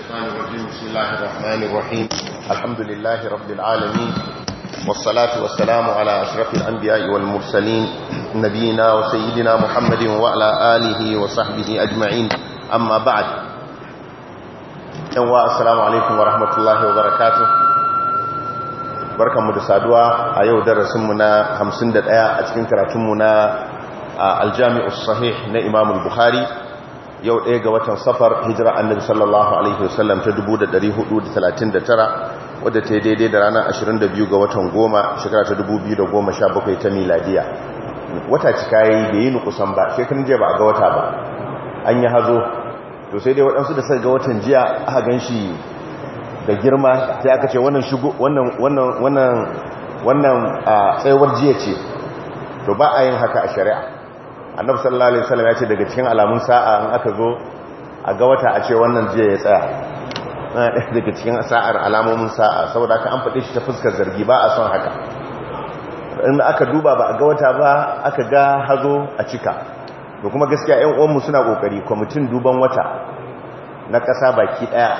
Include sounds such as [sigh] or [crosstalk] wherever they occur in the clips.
الشيطان الرجيم بسم الله الرحمن الرحيم الحمد لله رب العالمين والصلاة والسلام على أشرف الأنبياء والمرسلين نبينا وسيدنا محمد وعلى آله وصحبه أجمعين أما بعد السلام عليكم ورحمة الله وبركاته barkanmu da saduwa a yau darasinmu na 51 a cikin karatunmu na aljami'ul sahih na imamul bukhari yau ɗaya ga watan safar hijira annabi sallallahu alaihi wasallam ta tara wadda ta yi daidai da ranar 22 ga watan goma shekara ta 2017 ta miladiya wata cika ya yi da yi nukusan ba shekarun jiya ba a ga wata ba an yi hazo to sai dai waɗansu da sai ga watan jiya aka gan shi da girma sai aka ce wannan shigo wannan wannan wannan wannan tsayuwar jiya ce to ba a yin haka a shari'a annabi sallallahu alaihi wasallam ya ce daga cikin alamun sa'a in aka zo a ga wata a ce wannan jiya ya tsaya daga cikin sa'ar alamomin sa'a saboda aka an faɗe shi ta fuskar zargi ba a son haka in aka duba ba a ga wata ba aka ga hazo a cika da kuma gaskiya ƴan uwanmu suna kokari kwamitin duban wata na ƙasa baki ɗaya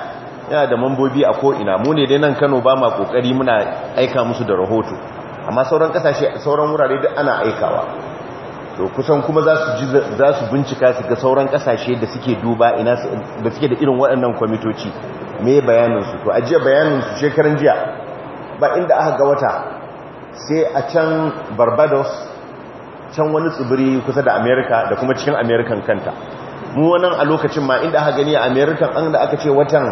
yana da mambobi a ko'ina mu ne dai nan kano ba ma kokari muna aika musu da rahoto amma sauran ƙasashe sauran wurare duk ana aikawa to kusan kuma za su bincika su ga sauran kasashe da suke duba ina da suke da irin waɗannan kwamitoci me bayaninsu to ajiya bayaninsu shekaran jiya ba inda aka ga wata sai a can barbados can wani tsibiri kusa da america da kuma cikin american kanta mu wannan a lokacin ma inda aka gani a american an da aka ce watan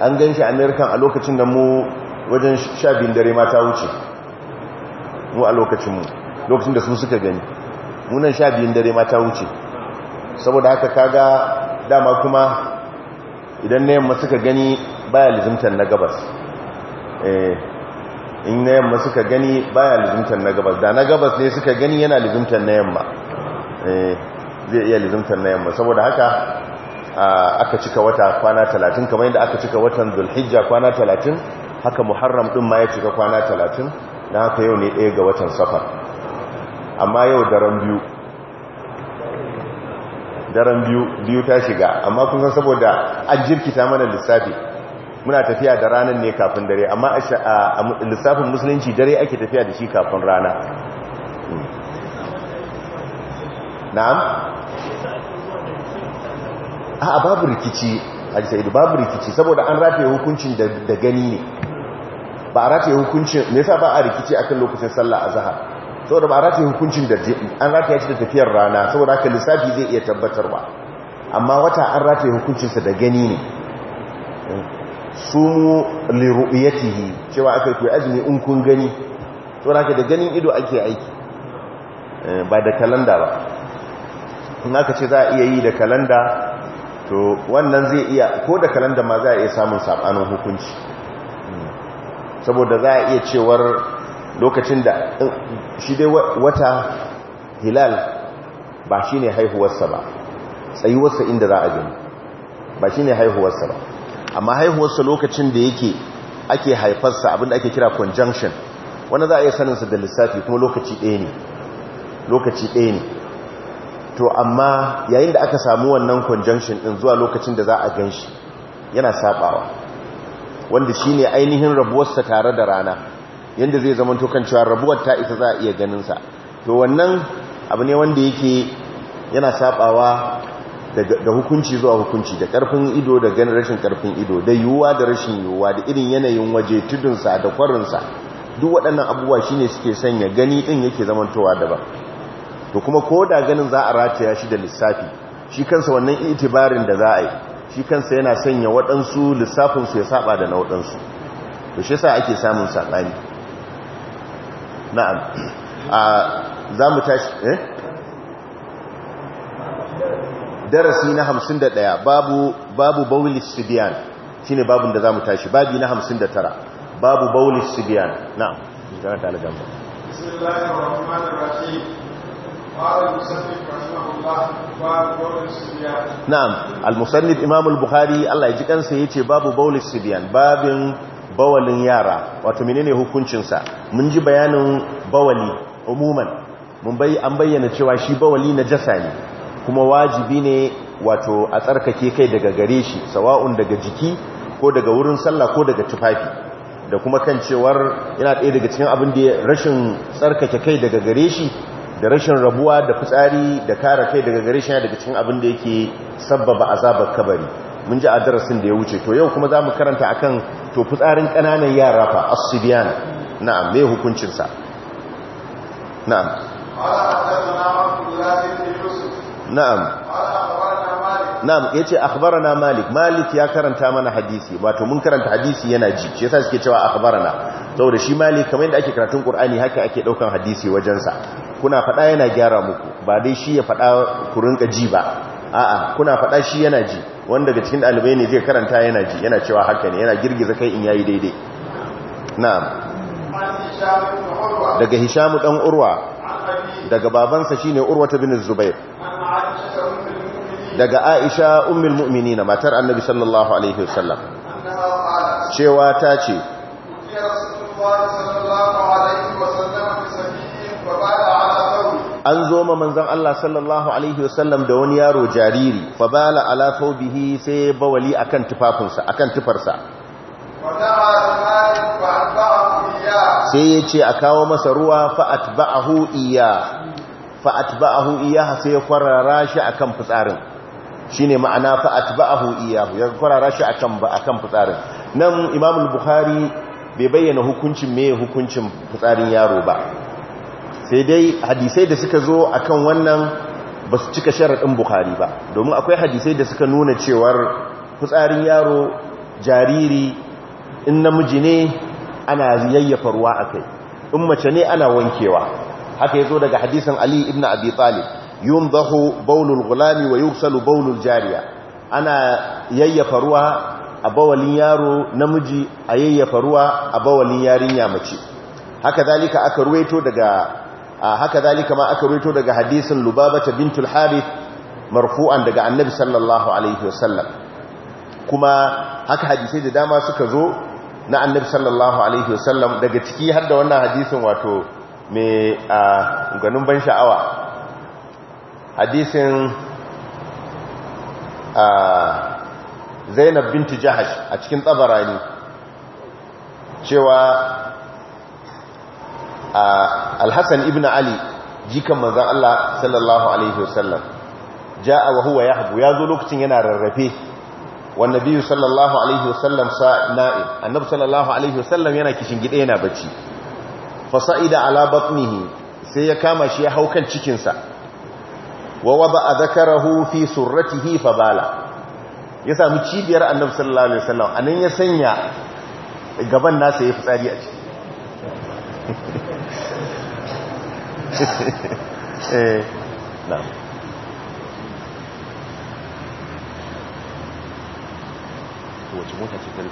an gan shi american a lokacin da mu wajen sha biyun dare ma ta wuce mu a lokacin mu lokacin da su suka gani munan sha biyun dare ma ta wuce saboda haka kaga dama kuma idan na yamma suka gani baya lizimtar na gabas eh, in na yamma suka gani baya lizimtar na gabas da na gabas ne suka gani yana lizimtar na yamma eh, zai iya lizimtar na yamma saboda haka aka cika wata kwana talatin kamar yadda aka cika watan zulhijja kwana talatin haka muharram din ma ya cika kwana talatin na haka yau ne ɗaya ga watan safar amma yau daren biyu daren biyu biyu ta shiga amma kun san saboda an jirkita mana lissafi muna tafiya da ranar ne kafin dare amma a lissafin musulunci dare ake tafiya da shi kafin rana hmm. na'am a babu rikici a da babu rikici saboda an rataye hukuncin da gani ne ba a rataye hukuncin me yasa ba a rikici akan lokacin sallah a zahar? saboda ba rataye hukuncin da an ya ci da tafiyar rana saboda aka lissafi zai iya tabbatar ba. amma wata an rataye hukuncinsa da gani ne sumu liru'yatihi cewa aka ku azumi in kun gani saboda haka da ganin ido ake aiki eh, ba da kalanda ba in aka ce za a iya yi da kalanda to wannan zai iya ko da kalanda ma za a iya samun saɓanin hukunci hmm. saboda za a iya cewar lokacin da shi dai wata hilal ba shi ne haihuwarsa ba tsayuwarsa inda za a gani ba shi ne haihuwarsa ba amma haihuwarsa lokacin da yake ake haifarsa abinda ake kira conjunction wanda za a iya saninsa da lissafi kuma lokaci ɗaya ne lokaci ɗaya ne to amma yayin da aka samu wannan conjunction ɗin zuwa lokacin da za a gan shi yana saɓawa wanda shi ne ainihin rabuwarsa tare da rana yadda zai zama tokan cewa rabuwar ta isa za a iya ganinsa to wannan abu ne wanda yake yana sabawa da hukunci zuwa hukunci da karfin ido da ganin rashin karfin ido da yiwuwa da rashin yiwuwa da irin yanayin waje tudunsa da kwarinsa duk waɗannan abubuwa shine suke sanya gani ɗin yake zamantowa daban to kuma ko da ganin za a rataya shi da lissafi shi kansa wannan itibarin da za a yi shi kansa yana sanya waɗansu lissafinsu ya saba da na waɗansu to shi sa ake samun saɓani na'am za mu tashi eh? darasi na hamsin 51 babu babu baulis sibiyan shine babin da za mu tashi babi na hamsin da tara, babu baulis sibiyan na'am kana ta aljan ba bismillahir rahmanir rahim na'am al-musannif imam al-bukhari Allah ya ji kansa yace babu baulis sibiyan babin bawalin yara wato menene hukuncinsa mun ji bayanin bawali umuman mun bai an bayyana cewa shi bawali na jasa ne kuma wajibi ne wato a tsarkake kai daga gare shi sawa'un daga jiki ko daga wurin sallah ko daga tufafi da kuma kan cewar yana ɗaya daga cikin abin da rashin tsarkake kai daga gare shi da rashin rabuwa da fitsari da kare kai daga gare shi daga cikin abin da yake sabbaba azabar kabari mun ji a darasin da ya wuce to yau kuma za mu karanta akan to fitsarin ƙananan yara fa asibiyan na'am me hukuncinsa na'am na'am na'am yace akhbarana malik malik ya karanta mana hadisi wato mun karanta hadisi yana ji shi yasa suke cewa akhbarana saboda shi malik kamar yadda ake karatun qur'ani haka ake daukan hadisi wajensa kuna fada yana gyara muku ba dai shi ya fada ku rinka ji ba a'a kuna faɗa shi yana ji wanda daga cikin ɗalibai ne zai karanta yana ji yana cewa haka ne yana girgiza kai in yayi daidai na'am daga hishamu dan urwa daga babansa shine ta bin zubair daga aisha ummul mu'minina matar annabi sallallahu alaihi wasallam cewa ta ce an zo ma manzon Allah sallallahu alaihi wasallam da wani yaro jariri fa bala ala thawbihi sai bawali akan tufafinsa akan tufarsa sai ya ce a kawo masa ruwa fa atba'ahu iya fa atba'ahu iya sai ya kwarara shi akan fitsarin Shi ne ma'ana fa atba'ahu iya ya kwarara shi akan akan fitsarin nan imamul bukhari bai bayyana hukuncin mai hukuncin fitsarin yaro ba sai dai hadisai da suka zo akan wannan ba su cika sharaɗin bukhari ba domin akwai hadisai da suka nuna cewar fitsarin yaro jariri in namiji ne ana yayyafa ruwa a kai in mace ne ana wankewa haka ya zo daga hadisan ali ibn abi talib yun zaho baulul gulami wa yusalu baulul jariya ana yayyafa ruwa a bawalin yaro namiji a yayyafa ruwa a bawalin yarinya mace haka zalika aka ruwaito daga haka zalika ma aka rito daga hadisin lubabata bintul harith marfu'an daga annabi sallallahu alaihi wasallam kuma haka hadisai da dama suka zo na annabi sallallahu alaihi wasallam daga ciki har da wannan hadisin wato mai ganin ban sha'awa hadisin zainab bintu jahash a cikin tsabarani cewa A alhassan ibn ali jikan manzan Allah sallallahu alaihi wasallam ja'a wa huwa yahbu ya zo lokacin yana rarrafe wan nabiyyu sallallahu alaihi wasallam sa'na'i annabi sallallahu alaihi wasallam yana kishin gida yana bacci fa sa'ida ala batnihi sai ya kama shi ya haukan cikin sa wa wada'a dhakarahu fi surratihi fa bala ya samu cibiyar annabi sallallahu alaihi wasallam anan ya sanya gaban nasa ya fitsari a ciki [laughs] eh na'am wace mota ce ta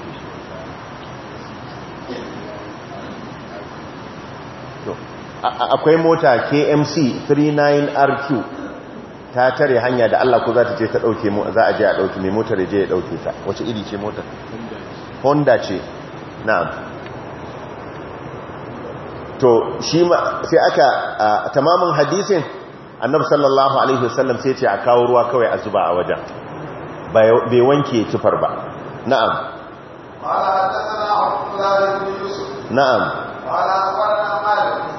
shi akwai mota KMC 39RQ ta tare hanya da Allah ko za ta je ta dauke mu za a je a dauke mai motar je ya dauke ta wace iri ce motar Honda ce na'am to shi ma sai aka tamamin hadisin annabi sallallahu alaihi wasallam sai ce a kawo ruwa kawai a zuba a wajen bai wanke tufar ba na'am na'am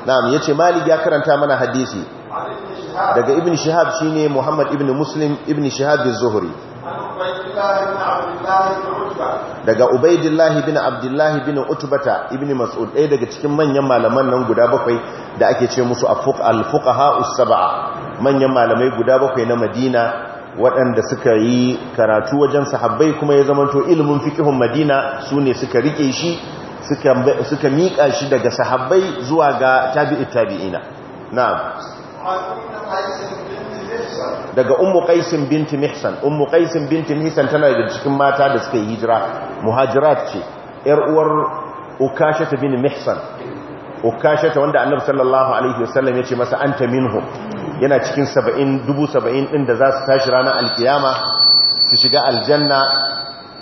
na'am yace malik ya karanta mana hadisi daga ibn shihab shine muhammad ibn muslim ibn shihab az-zuhri daga ubaidillahi bin abdullahi bin utubata ibn mas'ud ɗaya daga cikin manyan malaman nan guda bakwai da ake ce musu al-fuqaha as saba manyan malamai guda bakwai na madina waɗanda suka yi karatu wajen sahabbai kuma ya zamanto ilimin fikihun madina sune suka rike shi suka miƙa shi daga sahabbai zuwa ga tabi'i tabi'ina na'am daga ummu qaisin binti mihsan ummu qaisin binti mihsan tana daga cikin mata da suka yi hijira muhajirat ce yar uwar ukashata bin mihsan ukashata wanda annabi sallallahu alaihi wasallam yace masa anta minhum yana cikin 70 dubu 70 din da za su tashi ranar alkiyama su shiga aljanna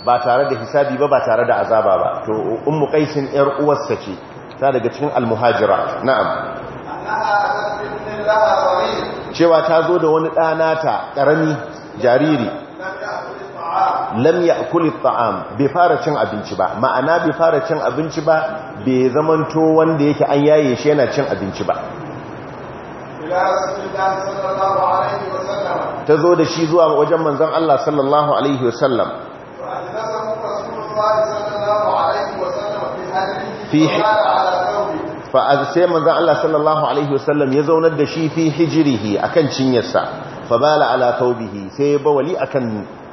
ba tare da hisabi ba ba tare da azaba ba to ummu qaisin yar uwarsa ce ta daga cikin almuhajira na'am cewa ta zo da wani ɗanata ƙarami jariri lam ya kuli ta'am bai fara cin abinci ba ma'ana bai fara cin abinci ba bai zamanto wanda yake an yaye shi yana cin abinci ba ta zo da shi zuwa wajen manzon Allah sallallahu alaihi wasallam fi fa sai manzon Allah sallallahu alaihi wasallam ya zaunar da shi fi hijrihi akan cinyarsa fa bala ala thawbihi sai ya bawali akan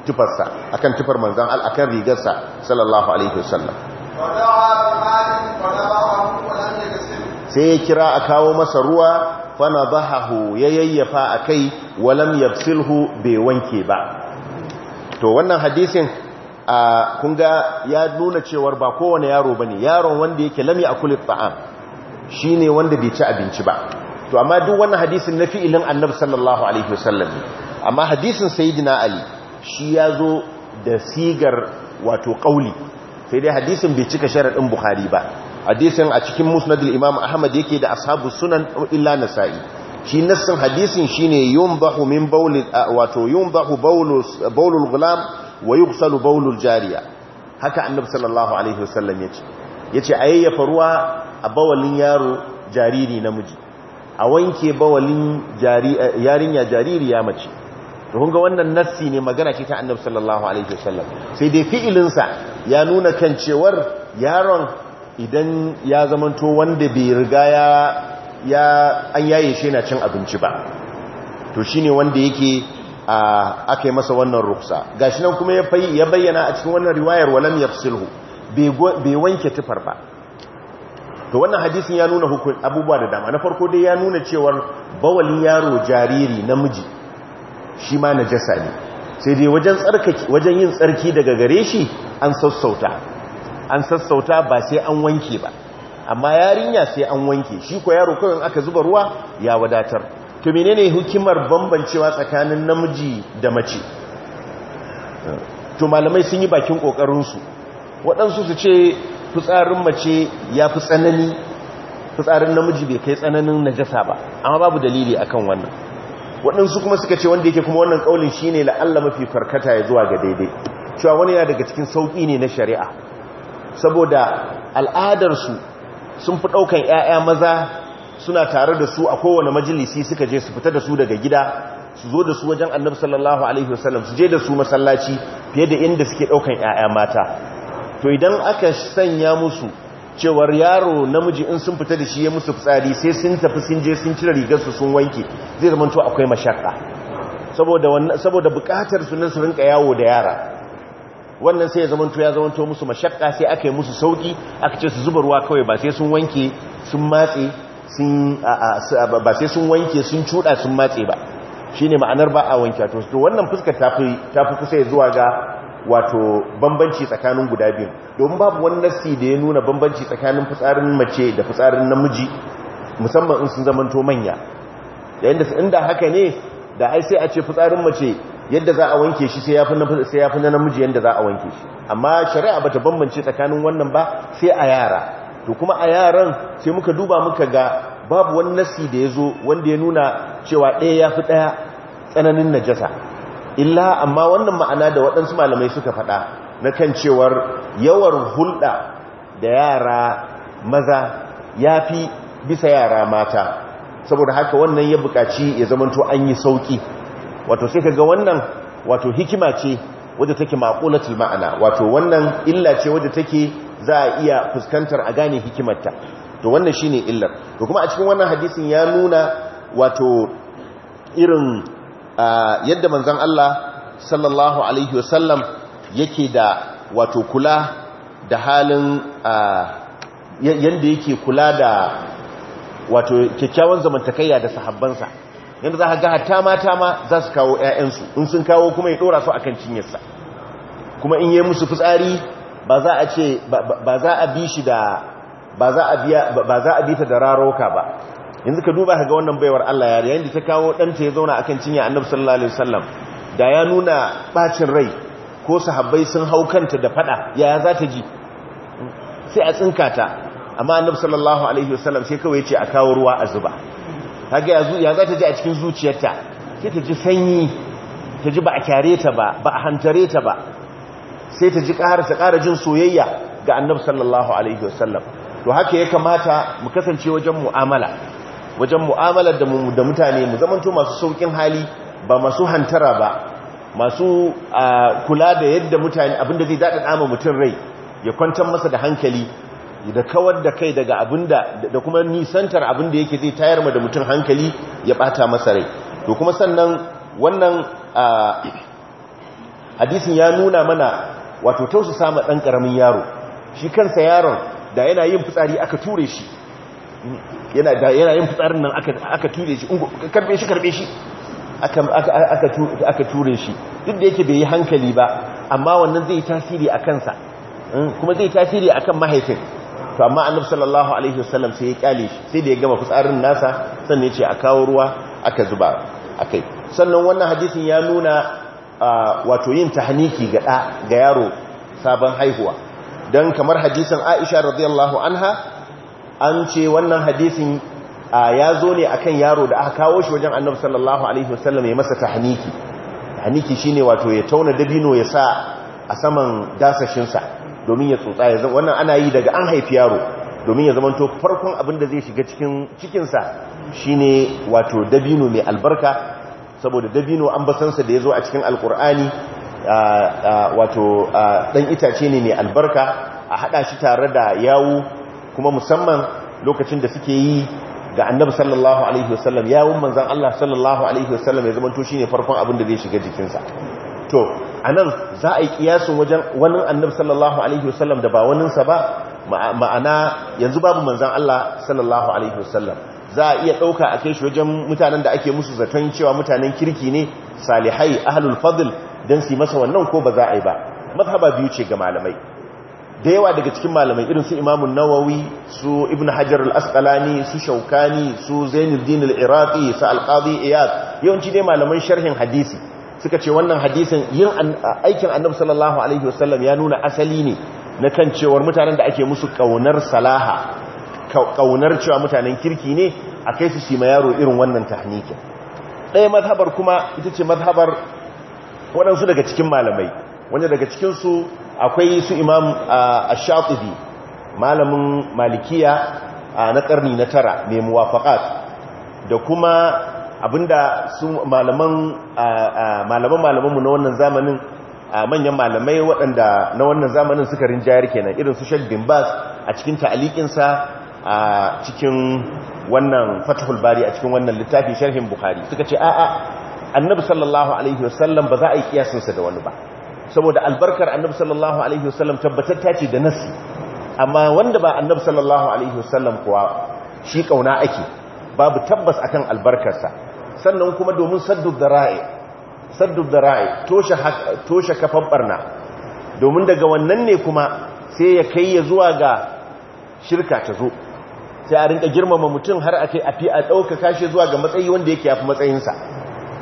tufarsa akan tufar manzon Allah akan rigarsa sallallahu alaihi wasallam sai ya kira a kawo masa ruwa fa nadahu ya yayyafa akai walam yafsilhu bai wanke ba to wannan hadisin a kunga ya nuna cewar ba kowane yaro ba ne yaron wanda yake lami kulit ta'am shine wanda bai ci abinci ba to amma duk wannan hadisin na fi'ilin annabi sallallahu alaihi wasallam amma hadisin sayyidina ali shi ya zo da sigar wato kauli sai dai hadisin bai cika sharadin bukhari ba hadisin a cikin musnadul imam ahmad yake da ashabu sunan illa nasa'i shi nassin hadisin shine yumbahu min bauli wato yumbahu baulul gulam wa yughsalu bawlul jariya haka annabi sallallahu alaihi wasallam ce a yayyafa ruwa a bawalin yaro jariri namiji a wanke bawalin yarinya jaririya mace to kun ga wannan nassi ne magana ce ta annabi sallallahu alaihi wasallam sai dai fi'ilinsa ya nuna kan cewar yaron idan ya zamanto wanda bai riga ya an yaye shi na cin abinci ba to shine wanda yake aka masa wannan ruksa gashi nan kuma ya bayyana a cikin wannan riwayar walam yafsilhu bai wanke tufar ba to wannan hadisin ya nuna hukun abubuwa da dama na farko dai ya nuna cewar bawalin yaro jariri namiji shi ma najasa ne sai dai wajen tsarkaki wajen yin tsarki daga gare shi an sassauta an sassauta ba sai an wanke ba amma yarinya sai an wanke shi ko yaro kawai aka zuba ruwa ya wadatar to menene hukumar bambancewa tsakanin namiji da mace to malamai sun yi bakin kokarinsu waɗansu su ce fitsarin mace ya fi tsanani fitsarin namiji bai kai tsananin najasa ba amma babu dalili akan wannan waɗansu kuma suka ce wanda yake kuma wannan ƙaunin shi ne la'alla mafi farkata ya zuwa ga daidai cewa wani yana daga cikin sauƙi ne na shari'a saboda al'adarsu sun fi ɗaukan 'ya'ya maza suna tare da su a kowane majalisi suka je su fita da su daga gida su zo da su wajen annabi sallallahu alaihi wasallam su je da su masallaci fiye da inda suke ɗaukan yaya mata to idan aka sanya musu cewar yaro namiji in sun fita da shi ya musu fitsari sai sun tafi sun je sun cire rigar su sun wanke zai zama to akwai mashakka saboda wannan saboda su ne rinka yawo da yara wannan sai ya zama to ya zama to musu mashakka sai aka yi musu sauki aka ce su zuba ruwa kawai ba sai sun wanke sun matse ba sai sun wanke sun cuɗa sun matse ba shi ne ma'anar ba a wanke to wannan fuska ta fi kusa zuwa ga wato bambanci tsakanin guda biyu domin babu wani nassi da ya nuna bambanci tsakanin fitsarin mace da fitsarin namiji musamman in sun zamanto manya yayin da inda haka ne da ai sai a ce fitsarin mace yadda za a wanke shi sai yafi na sai yafi na namiji yadda za a wanke shi amma shari'a bata bambance tsakanin wannan ba sai a yara to kuma a yaran sai muka duba muka ga babu wani nasi da ya zo wanda ya nuna cewa ɗaya ya fi ɗaya tsananin najasa illa amma wannan ma'ana da waɗansu malamai suka faɗa na kan cewar yawar hulɗa da yara maza ya fi bisa yara mata saboda haka wannan ya buƙaci ya zamanto an yi sauƙi wato sai ka ga wannan wato hikima ce wadda take maƙulatul ma'ana wato wannan illa ce wadda take za a iya fuskantar a gane hikimarta to wannan shine illar to kuma a cikin wannan hadisin ya nuna wato irin yadda manzon Allah sallallahu alaihi wasallam yake da wato kula da halin yanda yake kula da wato kyakkyawan zamantakayya da sahabbansa yanda za ka ga hatta mata ma za su kawo 'ya'yansu in sun kawo kuma ya dora su akan cinyarsa kuma in yi musu fitsari ba za a ce ba za a bi shi da ba za a biya ba za a bi ta da raroka ba yanzu ka duba ka ga wannan baiwar Allah ya yayin da ta kawo ɗanta ya zauna akan cinya Annabi sallallahu alaihi wasallam da ya nuna bacin rai ko sahabbai sun hau kanta da fada yaya za ta ji sai a tsinka ta amma Annabi sallallahu alaihi wasallam sai kawai ya ce a kawo ruwa a zuba kage yazu ya za ta ji a cikin zuciyarta sai ta ji sanyi ta ji ba a kyare ta ba ba a hantare ta ba sai ta ji ƙara ta ƙara jin soyayya ga annabi sallallahu alaihi wasallam to haka ya kamata mu kasance wajen mu'amala wajen mu'amala da mu da mutane mu zamanto masu saukin hali ba masu hantara ba masu kula da yadda mutane abinda zai daɗa dama mutum rai ya kwantar masa da hankali da kawar da kai daga abinda da kuma nisantar abinda yake zai tayar ma da mutum hankali ya bata masa rai to kuma sannan wannan hadisin ya nuna mana wato tausu sama ɗan ƙaramin yaro shi kansa yaron da yana yin fitsari aka ture shi yana yin fitsarin nan aka ture shi karbe shi karbe shi aka ture shi duk da yake bai yi hankali ba amma wannan zai tasiri a kansa hmm, kuma zai tasiri a kan mahaifin to amma annabi sallallahu alaihi wasallam sai ya kyale shi sai da ya gama fitsarin nasa sannan ya ce a kawo ruwa aka zuba a kai sannan wannan hadisin ya nuna wato yin tahniki ga da ga yaro sabon haihuwa don kamar hadisin aisha radiyallahu anha an ce wannan hadisin ya zo ne kan yaro da aka kawo shi wajen annabu sallallahu alaihi wasallam ya masa tahniki tahniki ne wato ya tauna dabino ya sa a saman dasashinsa domin ya tsotsa ya zama wannan ana yi daga an haifi yaro domin ya zama to farkon abin da zai shiga cikin cikinsa ne wato dabino mai albarka saboda dabino an basansa da ya zo a cikin alkur'ani wato ɗan itace ne mai albarka a haɗa shi tare da yawu kuma musamman lokacin da suke yi ga annabi sallallahu alaihi wasallam yawun manzan Allah sallallahu alaihi wasallam ya zamanto shi ne farkon abin da zai shiga jikinsa to a nan za a yi kiyasun wajen wani annabi sallallahu alaihi wasallam da ba waninsa ba ma'ana yanzu babu manzan Allah sallallahu alaihi wasallam za a iya ɗauka a kai shi wajen mutanen da ake musu zaton cewa mutanen kirki ne salihai ahlul fadl don su masa wannan ko ba za a yi ba mazhaba biyu ce ga malamai da yawa daga cikin malamai irin su imamun nawawi su ibn hajar al-asqalani su shaukani su zainuddin al-iraqi su al iyad yawanci dai malaman sharhin hadisi suka ce wannan hadisin yin aikin annabi sallallahu ya nuna asali ne na kan cewar mutanen da ake musu kaunar salaha kaunar cewa mutanen kirki ne a kai su shi yaro irin wannan tahnikin ɗaya mazhabar kuma ita ce mazhabar waɗansu daga cikin malamai wanda daga cikinsu akwai su imam a shafi malamin malikiya na ƙarni na tara mai muwafaƙat da kuma abinda su malaman malaman malamanmu na wannan zamanin manyan malamai waɗanda na wannan zamanin suka rinjayar kenan irin su Sheikh bas a cikin ta'alikinsa a cikin wannan fatahul bari a cikin wannan littafi sharhin bukhari suka ce a'a annabi sallallahu alaihi wasallam ba za a yi sa da wani ba saboda albarkar annabi sallallahu alaihi wasallam tabbatar ta ce da nasi amma wanda ba annabi sallallahu alaihi wasallam kuwa shi kauna ake babu tabbas akan albarkarsa sannan kuma domin saddud dara'i saddud dara'i toshe toshe kafan barna domin daga wannan ne kuma sai ya kai ya zuwa ga shirka ta zo sai a rinka girmama mutum har a kai a fi a ɗaukaka shi zuwa ga matsayi wanda yake ya fi matsayinsa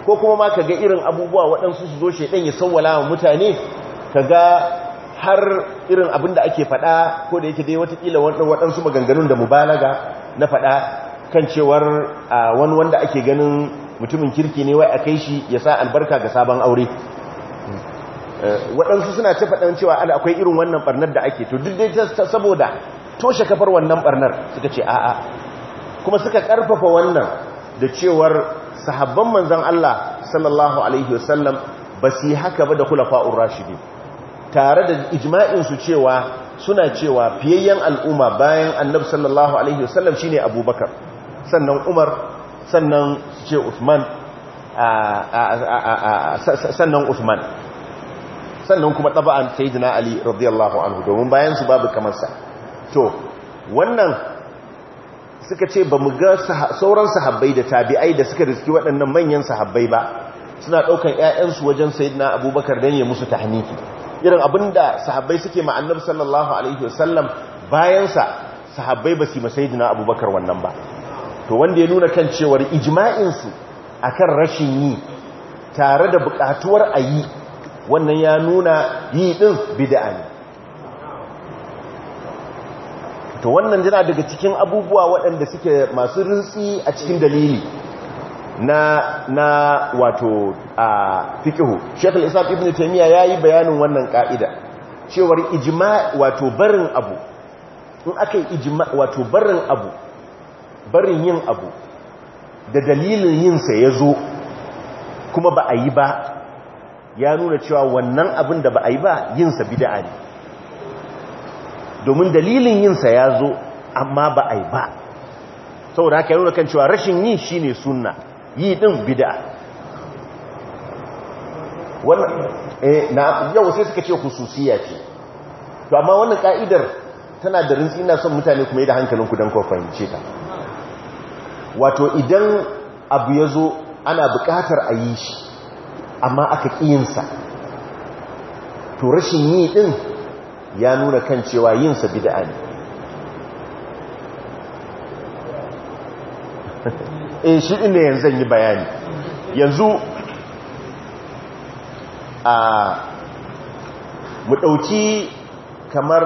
ko kuma ma ka ga irin abubuwa waɗansu su zo ɗan ya sawwala wa mutane ka ga har irin abin da ake faɗa ko da yake dai watakila waɗansu maganganun da mubalaga na faɗa kan cewar wani wanda ake ganin mutumin kirki ne wai a kai shi ya sa albarka ga sabon aure eh, waɗansu suna ta faɗan cewa akwai irin wannan ɓarnar da ake to duk dai saboda toshe kafar wannan barnar suka ce a'a kuma suka karfafa wannan da cewar sahabban manzan Allah sallallahu alaihi wasallam ba su yi haka ba da khulafa'ur rashidi tare da ijma'insu cewa suna cewa fiyayyen al'umma bayan annab sallallahu alaihi wasallam shine abubakar sannan umar sannan ce usman sannan usman sannan kuma taba'an sayyidina ali radiyallahu anhu domin bayan su babu kamarsa to wannan suka ce ba mu ga sauran sahabbai da tabi'ai da suka riski waɗannan manyan sahabbai ba suna ɗaukar 'ya'yansu wajen sayidina abubakar don ya musu tahniki irin abin da sahabbai suke ma'annar sallallahu alaihi wasallam bayansa sahabbai ba su yi masayidina abubakar wannan ba to wanda ya nuna kan cewar ijma'insu kan rashin yi tare da buƙatuwar a yi wannan ya nuna yi ɗin bida'a ne to wannan yana daga cikin abubuwa waɗanda suke masu rinsi a cikin dalili na na wato a fiqhu Sheikh al-Islam Ibn Taymiyyah yayi bayanin wannan ƙa'ida, cewar ijma wato barin abu in akai ijma wato barin abu barin yin abu da dalilin yin sa zo kuma ba a yi ba ya nuna cewa wannan abin da ba a yi ba yin sa bid'a ne domin dalilin yinsa ya zo amma ba a yi ba Sau da haka nuna kan cewa rashin yi shi ne suna yi ɗin bida eh, yau sai suka ce hususiya ce to amma wannan ka'idar tana da rintsina ina son mutane kuma yi da hankalinku don kuwa fahimce ta wato idan abu ya zo ana bukatar a yi shi amma aka ƙiyinsa to rashin yi ɗin ya nuna kan cewa yin sa bid'a ne in [laughs] eh, shi ne yanzu yi bayani yanzu a mu ɗauki kamar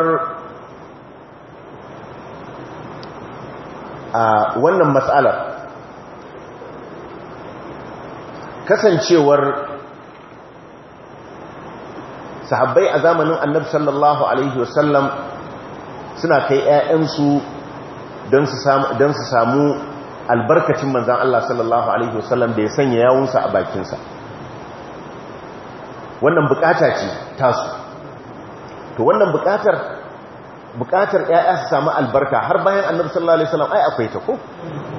a wannan matsalar kasancewar sahabbai a zamanin annabi sallallahu alaihi wasallam suna kai ƴaƴansu don su samu albarkacin manzan Allah sallallahu alaihi wasallam da ya sanya yawunsa a bakinsa wannan bukata ce tasu to wannan bukatar bukatar ƴaƴa su samu albarka har bayan annabi sallallahu alaihi wasallam ai akwai ta ko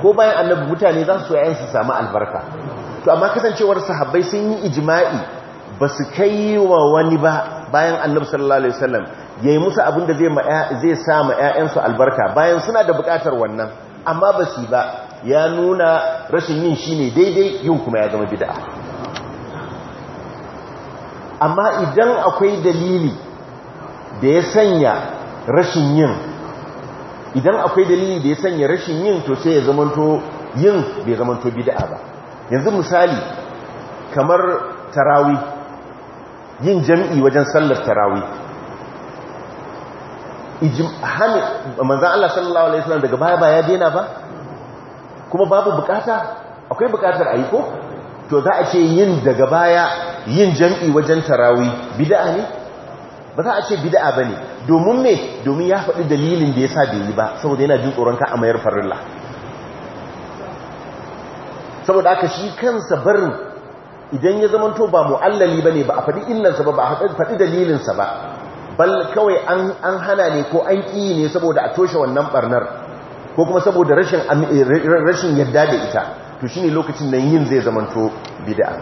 ko bayan annabi mutane za su ƴaƴan su samu albarka to amma kasancewar sahabbai sun yi ijma'i ba su kai wa wani ba bayan annabi sallallahu alaihi wasallam yayi musu abin da zai sa ma ƴaƴansu albarka bayan suna da buƙatar wannan amma ba su ba ya nuna rashin yin shine daidai yin kuma ya zama bid'a amma idan akwai dalili da ya sanya rashin yin idan akwai dalili da ya sanya rashin yin to sai ya zamanto yin bai zamanto bid'a ba yanzu misali kamar tarawi yin jami'i wajen sallar tarawi manzan Allah sallallahu Alaihi wasallam daga baya ba ya dena ba kuma babu bukata akwai bukatar a yi ko to za a ce yin daga baya yin jami'i wajen tarawi bida'a ne ba za a ce bida'a ba ne domin me domin ya faɗi dalilin da ya sa bai yi ba saboda yana jin tsoron a mayar farilla saboda aka shi kansa barin idan ya zamanto ba mu'allali bane ba a faɗi illansa ba ba a faɗi dalilinsa ba bal kawai an hana ne ko an ƙi ne saboda a toshe wannan barnar ko kuma saboda rashin eh, yadda da ita to shine lokacin nan yin zai zamanto bid'a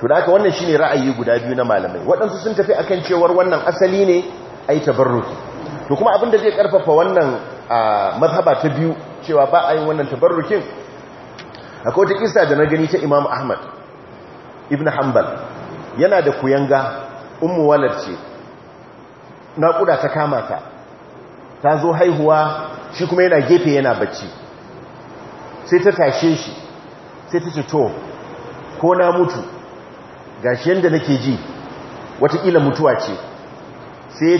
to da haka wannan shine ra'ayi guda biyu na malamai waɗansu sun tafi akan cewar wannan asali ne ai tabarruki to kuma abin da zai karfafa wannan mazhaba ta biyu cewa ba a yin wannan tabarrukin akwai wata da na gani ta Imam Ahmad ibn hanbal yana da kuyanga ummu walad ce naƙuda ta kama ta ta zo haihuwa shi kuma yana gefe yana bacci sai ta tashe shi sai ta ce to ko na mutu ga shi nake ji watakila mutuwa ce sai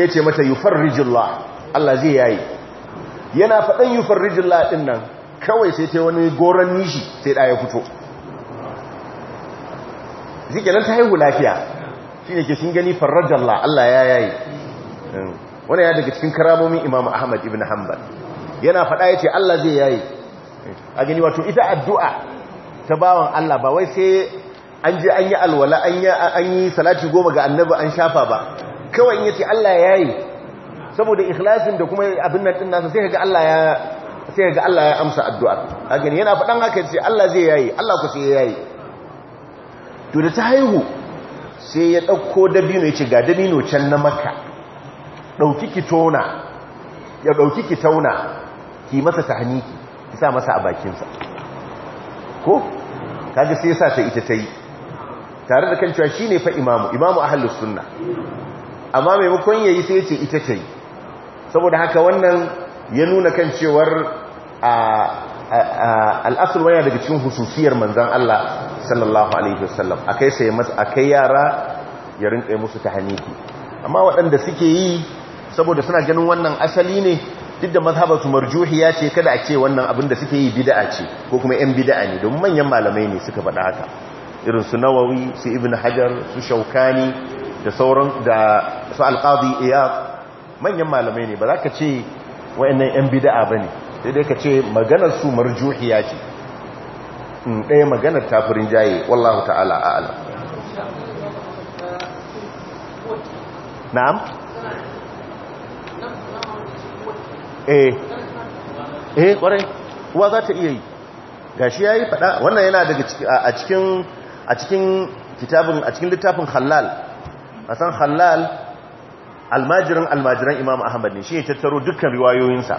ya ce mata yufar rijillah Allah zai yayi yana faɗin yufar rijillah ɗin nan kawai sai ta wani goron nishi sai ɗaya fito zike nan ta haihu lafiya shi ne ke sun gani farrajallah Allah ya yayi hmm. wani ya daga cikin karamomin imamu ahmad ibn hanbal yana faɗa ya ce Allah zai yayi hmm. a gani wato ita addu'a ta bawan Allah ba wai sai an ji an yi alwala an yi salati goma ga annabi an shafa ba kawai ya ce Allah ya yayi saboda ikhlasin da kuma abin nan ɗin nasa sai ga Allah ya amsa addu'ar a gani yana faɗan haka ce Allah zai yayi Allah ku sai yayi to da ta haihu sai ya ɗauko dabino ya ce ga dabino can na maka ɗauki ki tona ya ɗauki ki tauna ki masa ta haniki ki sa masa a bakinsa ko kaji sai ya sa ta ita ta yi tare da kan cewa shi ne fa imamu imamu ahalus sunna amma maimakon ya yi sai ya ce ita ta yi saboda haka wannan ya nuna kan cewar a al'asul wani daga cikin hususiyar manzan Allah sallallahu alaihi wasallam kai sai kai yara ya rinka musu ta tahaniki amma waɗanda suke yi saboda suna ganin wannan asali ne duk da marjuhi ya ce kada a ce wannan abin da suke yi bid'a ce ko kuma yan bida'a ne domin manyan malamai ne suka faɗa haka irin su Nawawi su Ibn Hajar su Shaukani da sauran da su Al-Qadi manyan malamai ne ba za ka ce wayannan yan ba ne. sai dai ka ce maganar su marjuhiya ce in hmm, ɗaya maganar tafirin jaye wallahu ta'ala ala na'am eh eh kwarai kuwa za ta iya yi Ga shi ya yi faɗa wannan yana daga a cikin a cikin littafin halal a san halal almajirin almajiran imam ahmad ne shi ya tattaro dukkan riwayoyinsa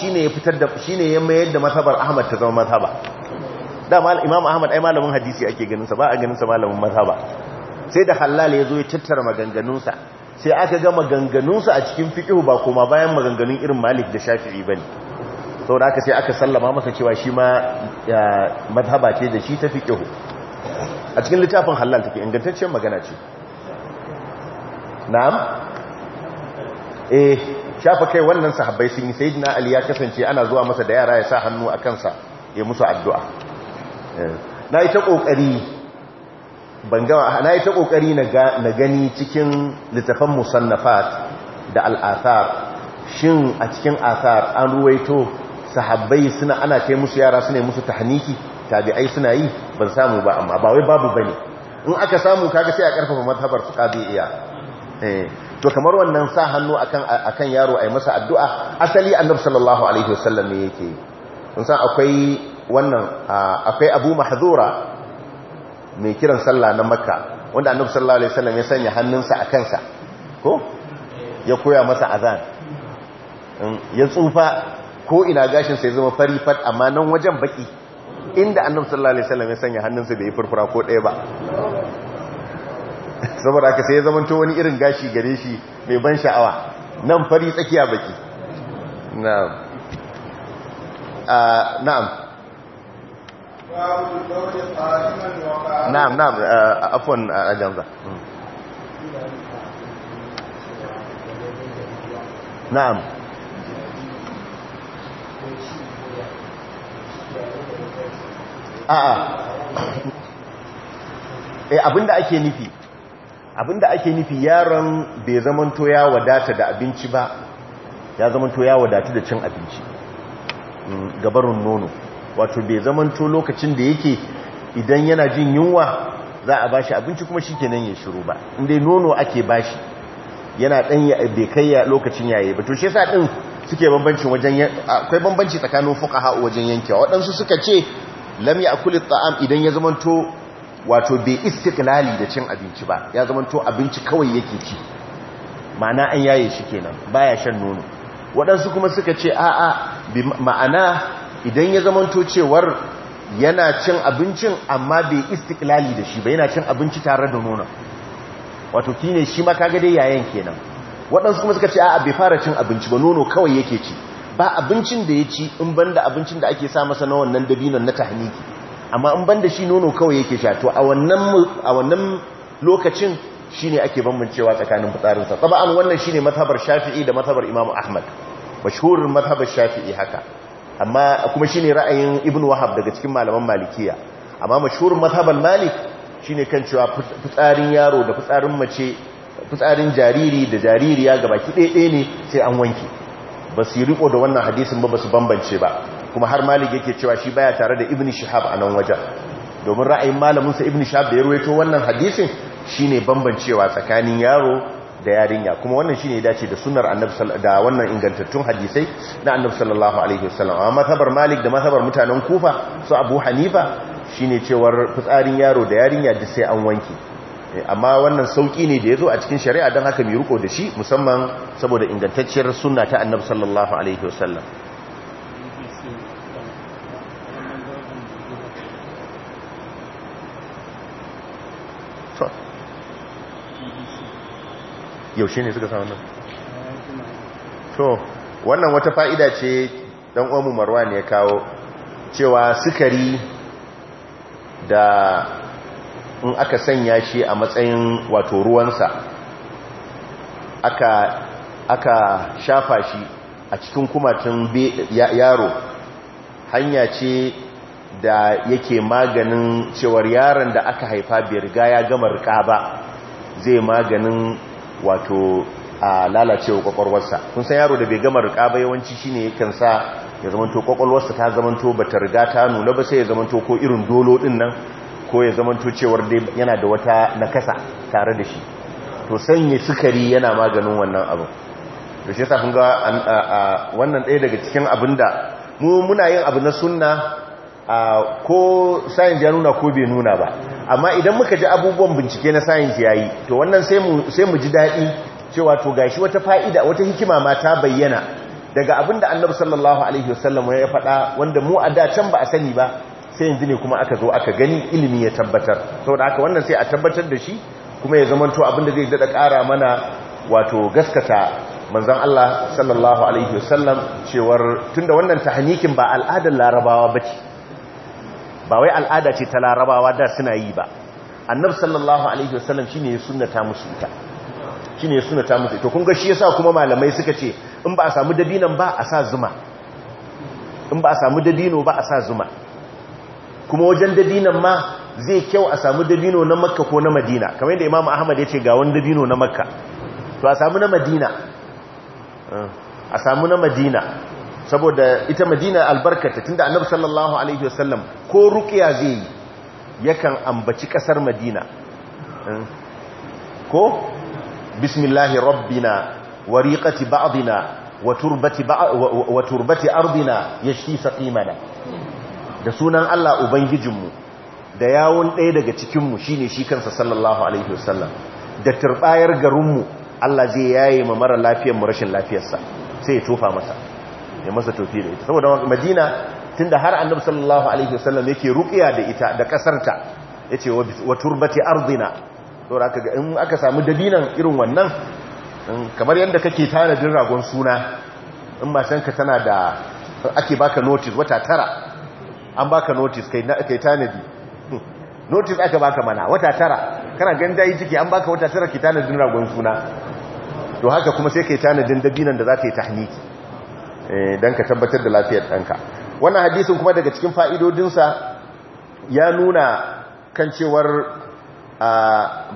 shi ne ya fitar da shi ne ya mayar da mazhabar ahmad ta zama mazhaba dama imam ahmad ai malamin hadisi ake ganin sa ba a ganin sa malamin mazhaba sai da halal ya zo ya tattara maganganunsa sai aka ga maganganunsa a cikin fiqh ba kuma bayan maganganun irin malik da shafi'i bane saboda haka sai aka sallama masa cewa shi ma mazhaba ce da shi ta fiqh a cikin littafin halal take ingantaccen magana ce na'am eh shafa kai wannan sahabbai sun yi sayyidina ali ya kasance ana zuwa masa da yara ya sa hannu a kansa ya musu addu'a eh, na yi ta kokari bangawa na yi ta kokari na gani cikin littafan musannafat da al'athar shin a cikin athar an ruwaito sahabbai suna ana kai musu yara suna musu tahniki tabi'ai suna yi ban samu ba amma ba wai babu bane in aka samu kaga sai a karfafa madhabar iya. Eh. to kamar wannan sa hannu akan yaro a yi masa addu'a asali annabi sallallahu alaihi wasallam ne yake san akwai wannan akwai abu Mahdura mai kiran sallah na makka wanda annabi sallallahu alaihi wasallam ya sanya hannunsa a kansa ko ya koya masa azan ya tsufa ko ina gashin sai zama fari fat amma nan wajen baki inda annabi sallallahu alaihi wasallam ya sanya hannunsa bai furfura ko ɗaya ba saboda aka sai ya zamanto wani irin gashi gare shi mai ban sha'awa nan fari tsakiya baki na'am na'am na'am na'am afwan ajanza hmm. na'am a'a [coughs] eh abinda ake nufi abinda ake nufi yaron bai to ya wadata da abinci ba ya to ya wadata da cin abinci mm, gabarin nono wato bai to lokacin da yake idan yana jin yunwa za a bashi abinci kuma shi shikenan ya shiru ba inda nono ake bashi yana dan bai kai lokacin yayi ba to shi yasa din suke bambanci wajen akwai bambanci tsakanin fuqaha wajen yankewa waɗansu suka ce lam ya'kulu ta'am idan ya zamanto wato bai istiklali da cin abinci ba ya zama to abinci kawai yake ci ma'ana an yaye shi kenan baya shan nono waɗansu kuma suka ce a'a ma'ana idan ya zama to cewar yana cin abincin amma bai istiklali da shi ba yana cin abinci tare da nono wato kine shi ma dai yayan kenan waɗansu kuma suka ce a'a bai fara cin abinci ba nono kawai yake ci ba abincin da ya ci in banda abincin da ake sa masa na wannan dabinon na tahniki amma in banda shi nono kawai yake sha to a wannan lokacin shi ne ake bambancewa tsakanin fitsarinsa taba'an wannan shi ne matabar shafi'i da matabar imamu ahmad mashhurin matabar shafi'i haka amma kuma shi ne ra'ayin Ibn wahab daga cikin malaman malikiya amma mashhurin matabar malik shi ne kan cewa fitsarin yaro da fitsarin mace fitsarin jariri da jaririya ki ɗaya ne sai an wanke ba su yi riko da wannan hadisin ba ba su bambance ba kuma har malik yake cewa shi baya tare da ibn shihab a nan wajen domin ra'ayin malaminsa ibn shihab da ya ruwaito wannan hadisin shine bambancewa tsakanin yaro da yarinya kuma wannan shine dace da sunnar annabi da wannan ingantattun hadisai na annabi sallallahu alaihi wasallam amma tabar malik da masabar mutanen kufa su abu hanifa shine cewar fitsarin yaro da yarinya duk sai an wanke eh, amma wannan sauki ne da yazo a cikin shari'a dan haka mai riko da shi musamman saboda ingantacciyar sunna ta annabi sallallahu alaihi wasallam yaushe wannan wata fa'ida ce dan marwa ne ya kawo cewa sukari da in aka sanya shi a matsayin wato ruwansa aka shafa shi a cikin kumatun yaro hanya ce da yake maganin cewar yaron da aka haifa bai riga ya gama rika ba zai maganin wato a lalacewa kwakwalwarsa kun san yaro da bai gama rika ba yawanci shine yakan sa ya zamanto kwakwalwarsa ta zamanto bata riga ta nuna ba sai ya zamanto ko irin dolo din nan ko ya zamanto cewar dai yana da wata nakasa tare da shi to sanya sukari yana maganin wannan abin to shi yasa kun ga wannan ɗaya daga cikin abinda mu muna yin abu na sunna ko science ya nuna ko bai nuna ba amma idan muka ji abubuwan bincike na science yayi to wannan sai mu sai mu ji dadi cewa to gashi wata fa'ida wata hikima ma ta bayyana daga abin da annabi sallallahu alaihi wasallam ya faɗa wanda mu a da can ba a sani ba sai yanzu ne kuma aka zo aka gani ilimi ya tabbatar saboda haka wannan sai a tabbatar da shi kuma ya zamanto da zai daɗa ƙara mana wato gaskata manzan Allah sallallahu alaihi wasallam cewar tun da wannan ta hanyikin ba al'adar larabawa ba ce. ba wai al'ada ce ta larabawa da suna yi ba annab sallallahu alaihi wasallam shine ya sunnata musu ita ne ya sunnata musu ita kunga ga shi yasa kuma malamai suka ce in ba a samu dabinan ba a sa zuma in ba a samu dabino ba a sa zuma kuma wajen dabinan ma zai kyau a samu dabino na makka ko na madina kamar yadda imamu ahmad ya ce ga wani dabino na makka to a samu na madina a samu na madina saboda ita madina albarkata tunda annabi sallallahu alaihi wasallam ko ruqiya zai yi yakan ambaci kasar madina eh? ko bismillahi rabbina wa riqati ba'dina wa turbati wa turbati ardina yashfi saqimana da sunan Allah ubangijinmu da yawun ɗaya daga cikinmu shine shi kansa sallallahu alaihi wasallam da turbayar garinmu Allah zai yaye ma mara lafiyar mu rashin lafiyarsa sai ya tofa masa ya masa tofi da ita saboda Madina tunda har Annabi sallallahu alaihi wasallam yake ruqiya da ita da kasarta yace wa turbati ardina to raka ga in aka samu dabinan irin wannan kamar yadda kake tanadin ragon suna in matanka tana da ake baka notice wata tara an baka notice kai kai tanadi notice aka baka mana wata tara kana ganda yi ciki an baka wata tara ki tanadin ragon suna to haka kuma sai kai tanadin dabinan da za ta yi tahniki eh, don ka tabbatar da lafiyar ɗanka wannan hadisin kuma daga cikin fa'idodinsa ya nuna kan cewar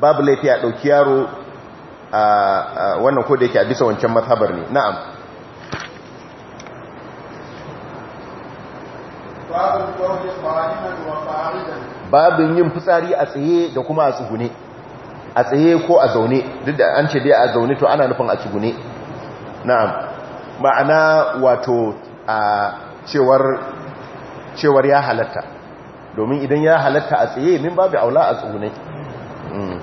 babu laifi a ɗauki yaro wannan ko yake a bisa wancan mazhabar ne na'am babin yin fitsari a tsaye da kuma a tsugune a tsaye ko a zaune duk da an ce dai a zaune to ana nufin a cigune na'am ma'ana wato a cewar cewar ya halatta domin idan ya halatta a tsaye min babu aula a tsugune hmm.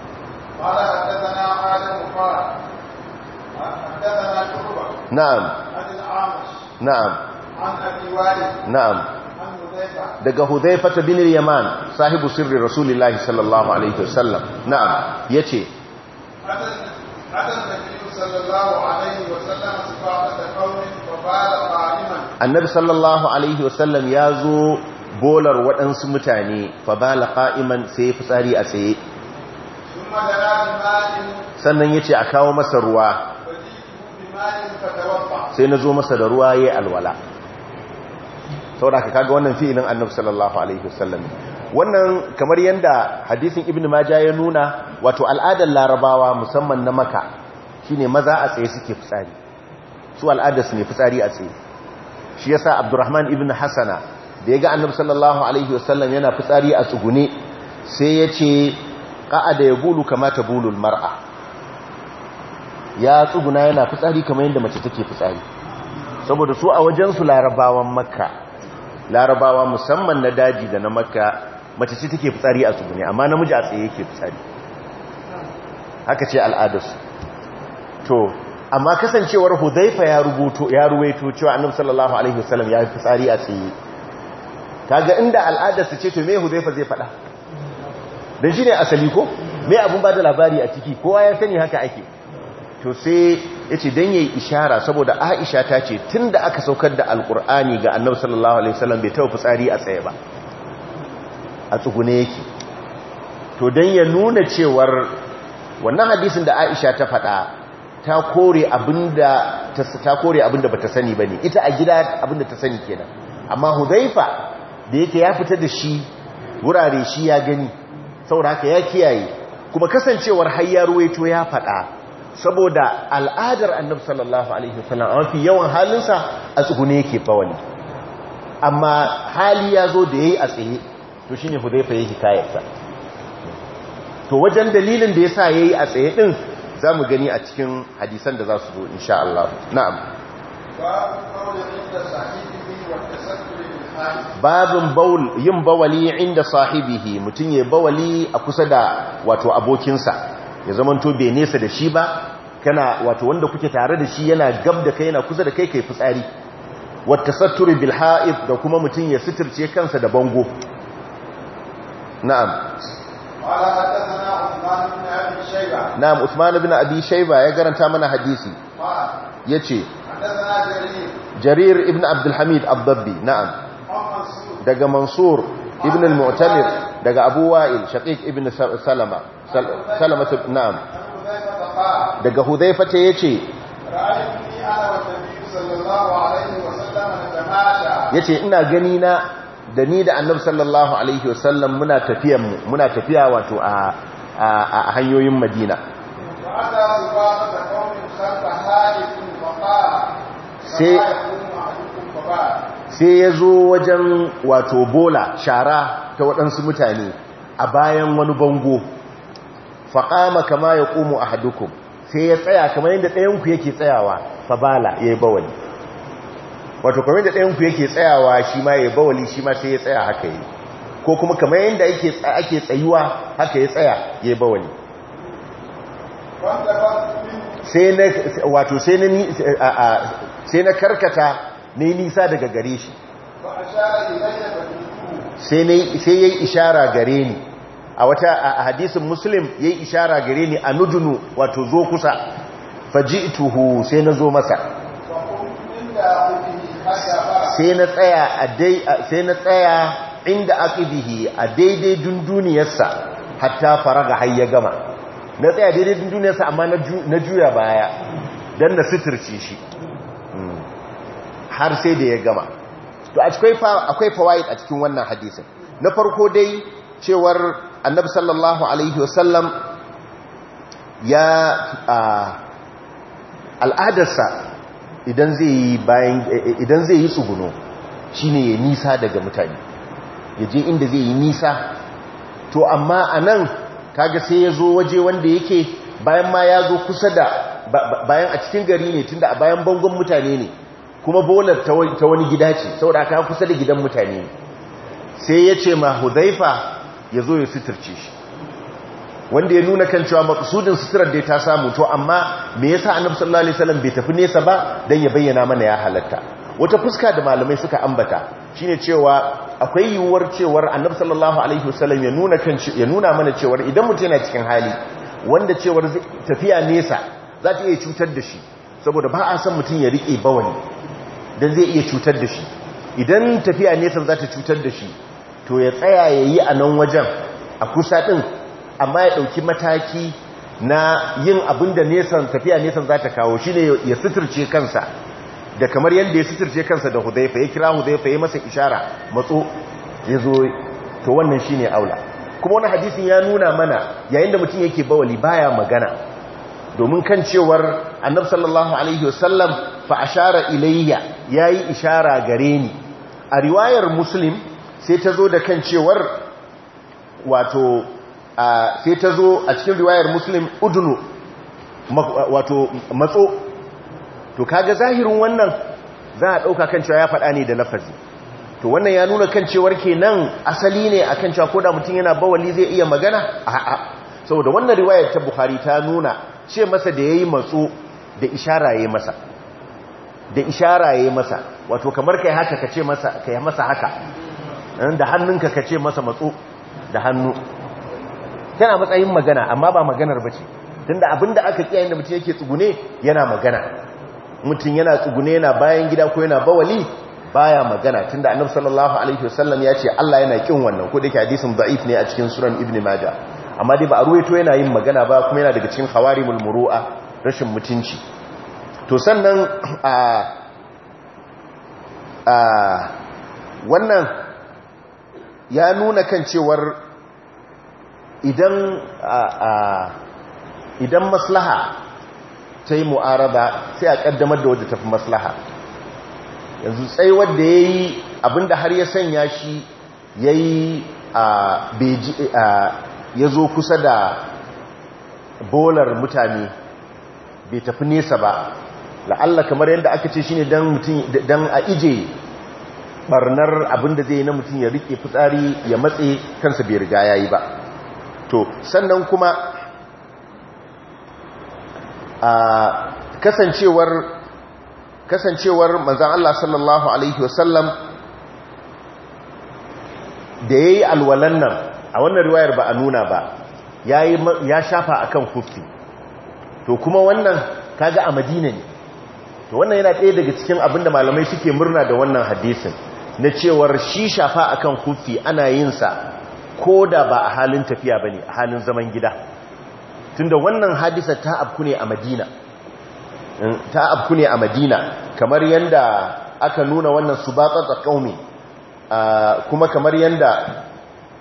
na'am na'am na'am daga Hudhaifah bin Yaman sahibu sirri Rasulullahi sallallahu alaihi wasallam na'am yace Annabi sallallahu alaihi wasallam ya zo bolar waɗansu mutane fa bala qa'iman sai fitsari a tsaye sannan yace a kawo masa ruwa sai na zo masa da ruwa yayi alwala saboda ka kaga wannan fi'ilin annabi sallallahu alaihi wasallam wannan kamar yanda hadisin ibnu majah ya nuna wato al'adar larabawa musamman na maka shine maza a tsaye suke fitsari su al'adarsu ne fitsari a tsaye shi yasa abdurrahman ibnu hasana da ya ga annabi sallallahu alaihi wasallam yana fitsari a tsugune sai ya ce ƙa'ada ya bulu kama ta bulul mar'a ya tsuguna yana fitsari kamar yanda mace take fitsari saboda su a wajen su larabawan makka larabawa musamman na daji da na makka mace ce take fitsari a tsugune amma namiji a tsaye yake fitsari haka ce al'adarsu to amma kasancewar hudaifa ya rubuto ya ruwaito cewa annabi sallallahu alaihi wasallam ya fitsari a tsaye kaga inda al'adarsu ce to me hudaifa zai faɗa dan shine asali ko me abun ba da labari a ciki kowa ya sani haka ake to sai ya ce don yi ishara saboda aisha ta ce tun da aka saukar da alkur'ani ga annabu sallallahu alaihi wasallam bai taɓa fitsari a tsaye ba a tsugune yake to don ya nuna cewar wannan hadisin da aisha ta faɗa ta kore abinda ta ba ta bata sani ne ita a gida abinda ta sani kenan amma huzaifa da yake ya fita da shi wurare shi ya gani saboda haka ya kiyaye kuma kasancewar har ya ya faɗa saboda al'adar annabi sallallahu alaihi wasallam a mafi yawan halinsa a tsugune yake bawali amma hali ya zo da ya yi a tsaye to shi ne shine ya yi kayarsa to wajen dalilin da ya sa ya yi a tsaye din mu gani a cikin hadisan da za su zo insha Allah na'am babin baul yin bawali inda sahibihi mutum yayi bawali a kusa da wato abokinsa ya zamanto bai nesa da shi ba kana wato wanda kuke tare da shi yana gab da kai yana kusa da kai kai fitsari wata satturi bil da kuma mutum ya suturce kansa da bango na'am na'am Usman ibn Abi Shayba ya garanta mana hadisi yace Jarir ibn Abdul Hamid Abdabbi na'am daga Mansur ibn al-Mu'tamir daga Abu Wa'il Shaqiq ibn Salama salamatu na'am daga hudhaifa ce ya ce. ina gani na da ni da annabu sallallahu alaihi wasallam muna tafiyan mu muna tafiya wato a hanyoyin madina sai ya zo wajen wato bola shara ta waɗansu mutane a bayan wani bango faƙama kama ya ƙumu a hadukum sai ya tsaya kamar yadda ɗayanku yake tsayawa fabala ya yi bawali wato kamar yadda ɗayanku yake tsayawa shi ma ya yi bawali shi ma sai ya tsaya haka yi ko kuma kamar yadda ake tsayuwa haka ya tsaya ya yi bawali wato sai na karkata na nisa daga gare shi sai ya yi ishara gare ni a wata a hadisin muslim ya yi ishara gare ni a nujunu wato zo kusa ituhu sai na zo masa sai na tsaya inda aka bihi a daidai dunduniyarsa hatta fara ga hayya gama na tsaya daidai dunduniyarsa amma na juya baya don na suturci shi hmm. har sai da ya gama to akwai fawaid a cikin wannan hadisin na farko dai cewar annabi sallallahu alaihi wasallam ya al'adarsa idan zai yi bayan idan zai yi tsuguno shine ya nisa daga mutane ya je inda zai yi nisa to amma a nan kaga sai ya zo waje wanda yake bayan ma ya zo kusa da bayan a cikin gari ne tunda a bayan bangon mutane ne kuma bolar ta wani gida ce saboda aka kusa da gidan mutane sai ya ce ma hudaifa ya zo ya suturce shi wanda ya nuna kan cewa maksudin suturar da ya ta samu to amma me yasa annabi sallallahu alaihi bai tafi nesa ba dan ya bayyana mana ya halatta wata fuska da malamai suka ambata shine cewa akwai yiwuwar cewar annabi sallallahu alaihi wasallam ya nuna mana cewar idan mutum yana cikin hali wanda cewar tafiya nesa za ta iya cutar da shi saboda ba a san mutum ya rike bawani dan zai iya cutar da shi idan tafiya nesa za ta cutar da shi to ya tsaya ya yi a nan wajen a kusa ɗin amma ya ɗauki mataki na yin abin da nesan tafiya nesan za ta kawo shi ne ya suturce kansa da kamar yadda ya suturce kansa da hudaifa ya kira hudaifa ya masa ishara matso ya zo to wannan shi ne aula kuma wani hadisin ya nuna mana yayin da mutum yake bawali baya magana domin kan cewar annab sallallahu alaihi wasallam fa ashara ilayya yayi ishara gare ni a riwayar muslim sai ta zo da kan cewar wato sai ta zo a cikin riwayar muslim udunu wato matso to kaga zahirin wannan za a ɗauka kan cewa ya faɗa ne da lafazi to wannan ya nuna kan cewar kenan asali ne a kan cewa koda mutum yana bawali zai iya magana a'a saboda wannan riwayar ta buhari ta nuna ce masa da ya yi matso da ishara ya masa da ishara masa wato kamar kai haka ka ce masa yi masa haka Eh, da hannunka ka ce masa matso da hannu tana matsayin magana amma ba maganar bace tunda abinda aka kiyaye da mutum yake tsugune yana magana mutum yana tsugune yana bayan gida ko yana bawali baya magana tunda annabi sallallahu alaihi wasallam ya ce Allah yana kin wannan ko dake hadisin da'if ne a cikin suran ibni majah amma dai ba a ruwaito yana yin magana ba kuma yana daga cikin hawarimul muru'a rashin mutunci to sannan a a wannan ya nuna kan cewar idan maslaha ta yi mu'araba sai a kaddamar da wadda tafi maslaha yanzu tsaiwar wadda ya yi abinda har ya sanya shi ya yi ya zo kusa da bolar mutane bai tafi nesa ba la'alla kamar yadda aka ce shi ne don a ije barnar abinda zai na mutum ya rike fitsari ya matse kansa bai riga ya yi ba to sannan kuma a kasancewar kasancewar manzan Allah sallallahu alaihi wasallam da yayi alwalan nan a wannan riwayar ba a nuna ba ya shafa a kan kufi to kuma wannan kaga a Madina ne to wannan yana ɗaya daga cikin abinda malamai suke murna da wannan hadisin na cewar shi shafa akan kufi ana yin sa ko da ba a halin tafiya bane a halin zaman gida tunda wannan hadisa ta abku ne a Madina ta abku ne a Madina kamar yanda aka nuna wannan subatsat qaumi kuma kamar yanda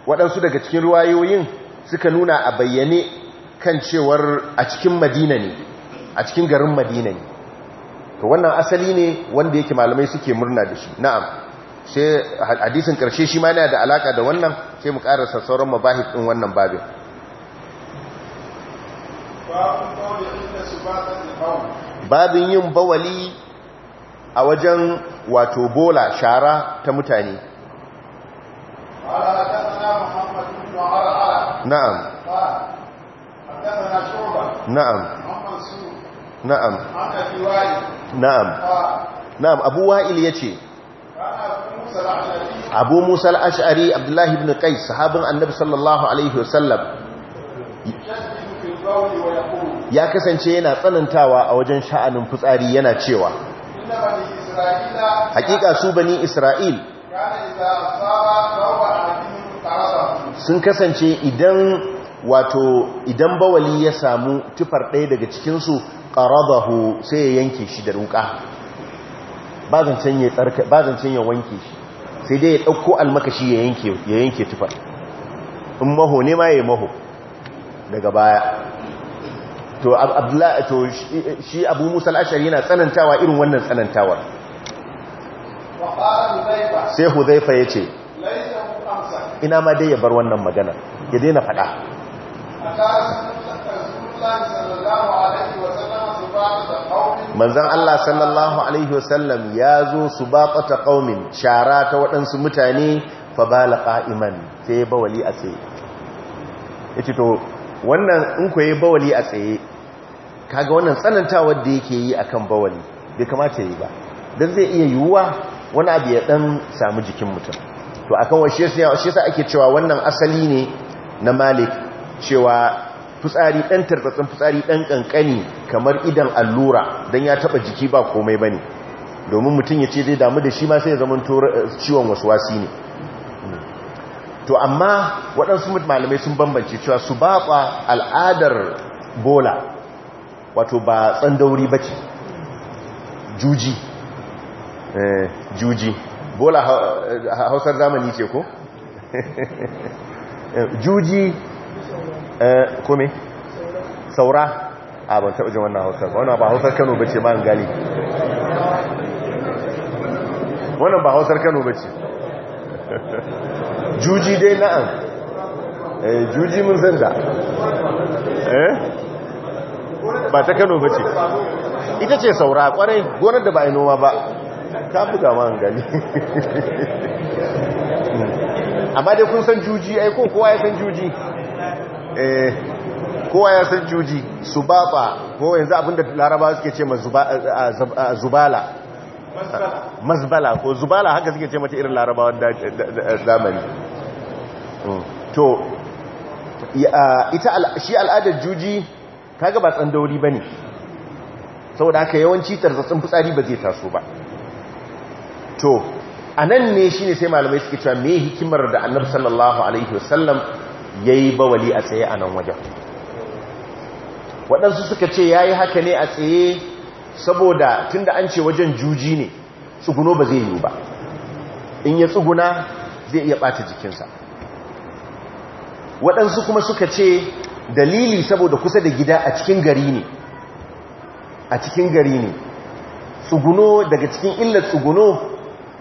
waɗansu daga cikin ruwayoyin suka nuna a bayyane kan cewar a cikin Madina ne a cikin garin Madina ne to wannan asali ne wanda yake malamai suke murna da shi na'am sai hadisin karshe shi ma yana da alaka da wannan sai mu karasa sauran mabahis din wannan babin babin yin bawali a wajen wato bola shara ta mutane na'am na'am na'am na'am na'am abu wa'il ce. abu musa al'ash'ari abdullahi ibn kai sahabin annabi sallallahu alaihi wasallam ya kasance yana tsanantawa a wajen sha'anin fitsari yana cewa hakika su bani isra'il sun kasance idan wato idan bawali ya samu tufar ɗaya daga cikinsu ƙararrahu sai ya yanke shi da ruka ba ya wanke shi sai dai ya ɗauko almakashi ya yanke tufar in maho ne ma ya maho daga baya to shi abu musa al'ashari yana tsanantawa irin wannan tsanantawar sai huzaifa ya ce ina ma dai ya bar wannan magana ya daina faɗa manzan Allah sallallahu alaihi wasallam ya zo su baɓata ƙaumin shara ta waɗansu mutane fa bala ƙa'iman sai ya bawali a tsaye ya ce to wannan in ku bawali a tsaye kaga wannan tsanantawar da yake yi akan bawali bai kamata yi ba don zai iya yiwuwa wani abu ya ɗan samu jikin mutum to akan washe sa ake cewa wannan asali ne na malik cewa fitsari ɗan tartatsin fitsari ɗan ƙanƙani kamar idan allura don ya taɓa jiki ba komai ba ne domin mutum ya ce zai damu da shi ma sai zaman eh, ciwon wasu wasi ne to amma waɗansu malamai sun bambance cewa su ba baɓa al'adar bola wato ba tsandauri ba ce juji eh, juji bola eh, hausar zamani ce ko [laughs] juji Eh, kome saura a ban taɓa jin wannan hausar wannan ba hausar kano bace ma gali wannan ba hausar kano bace [laughs] juji dai na'an eh, juji mun zanda eh? ba ta kano bace ita ce saura kwarai gonar da ba a noma ba ta buga ma gali [laughs] amma dai kun san juji ai ko kowa ya san juji Eh, kowa ya san juji subaba ko yanzu abinda laraba suke ce eh, eh, zubala mazbala ko zubala haka suke ce mata irin larabawan zamani mm. to ita shi al'adar juji kaga ba tsandauri bane saboda haka yawanci tarzatsun fitsari ba zai taso ba to anan ne shi ne sai malamai suke cewa mai hikimar da annabi sallallahu alaihi wasallam ya yi bawali a tsaye a nan wajen waɗansu suka ce ya yi haka ne a tsaye saboda tun da an ce wajen juji ne tsuguno ba zai yi ba in ya tsuguna zai iya ɓata jikinsa waɗansu kuma suka ce dalili saboda kusa da gida a cikin gari ne a cikin gari ne tsuguno daga cikin illar tsuguno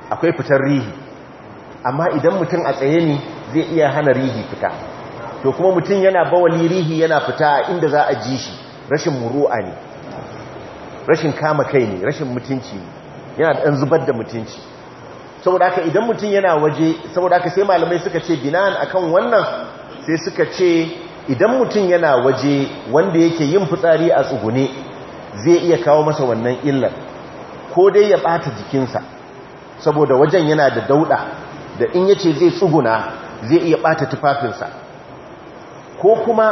akwai fitar rihi amma idan mutum a tsaye ne zai iya hana rihi fita to kuma mutum yana bawali lirihi yana fita inda za a ji shi rashin muru'a ne rashin kama kai ne rashin mutunci ne yana ɗan zubar da mutunci saboda haka idan mutum yana waje saboda haka sai malamai suka ce binan akan wannan sai suka ce idan mutum yana waje wanda yake yin fitsari a tsugune zai iya kawo masa wannan illar ko dai ya ɓata jikinsa saboda wajen yana da dauɗa da in yace zai tsuguna zai iya ɓata tufafinsa ko kuma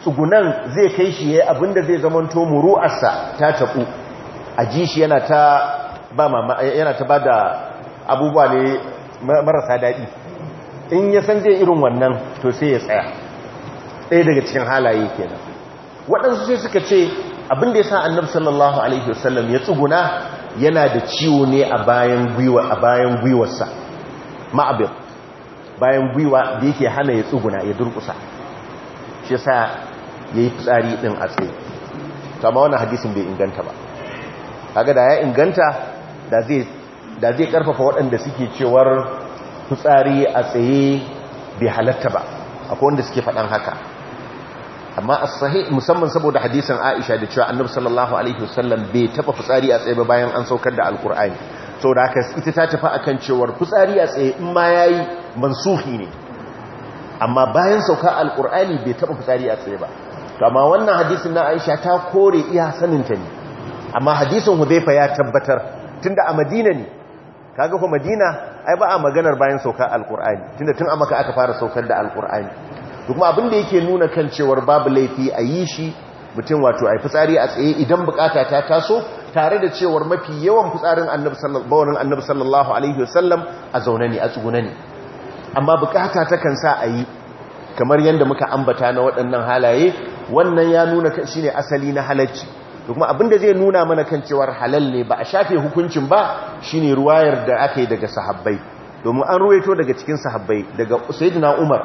tsugunan zai kai shi ya abinda zai zamanto muru'arsa ta taɓu a ji shi yana ta ba da abubuwa ne marasa daɗi in ya san zai irin wannan to sai ya tsaya ɗaya daga cikin halaye kenan waɗansu sai suka ce abinda ya sa annabi sallallahu alaihi wasallam ya tsuguna yana da ciwo ne a bayan gwiwarsa ma'abin bayan gwiwa da yake hana ya tsuguna ya durkusa shi ya yi fitsari ɗin a tsaye to amma wannan hadisun bai inganta ba haka da ya inganta da zai karfafa waɗanda suke cewar fitsari a tsaye bai halatta ba akwai wanda suke faɗan haka amma a sahi musamman saboda hadisin Aisha da cewa Annabi sallallahu alaihi wasallam bai taba fitsari a tsaye ba bayan an saukar da alkur'ani so saboda haka ita ta tafi akan cewar fitsari a tsaye in ma yayi mansuhi ne amma bayan sauka alkur'ani bai taɓa fitsari a tsaye ba amma wannan hadisin na aisha ta kore iya saninta ne amma hadisin hudaifa ya tabbatar tunda a madina ne kaga kuma madina ai ba a maganar bayan sauka alkur'ani tunda tun amma ka aka fara saukar da alkur'ani kuma abin da yake nuna kan cewar babu laifi a yi shi mutum wato ai fitsari a tsaye idan bukata ta taso tare da cewar mafi yawan fitsarin annabi sallallahu alaihi wasallam a zaune ne a tsugune ne amma bukata takan sa a yi kamar yadda muka ambata na waɗannan halaye wannan ya nuna shi ne asali na halacci kuma abinda zai nuna mana kan cewar halal ne ba a shafe hukuncin ba shi ne ruwayar da aka yi daga sahabbai domin an ruwaito daga cikin sahabbai daga sayyidina Umar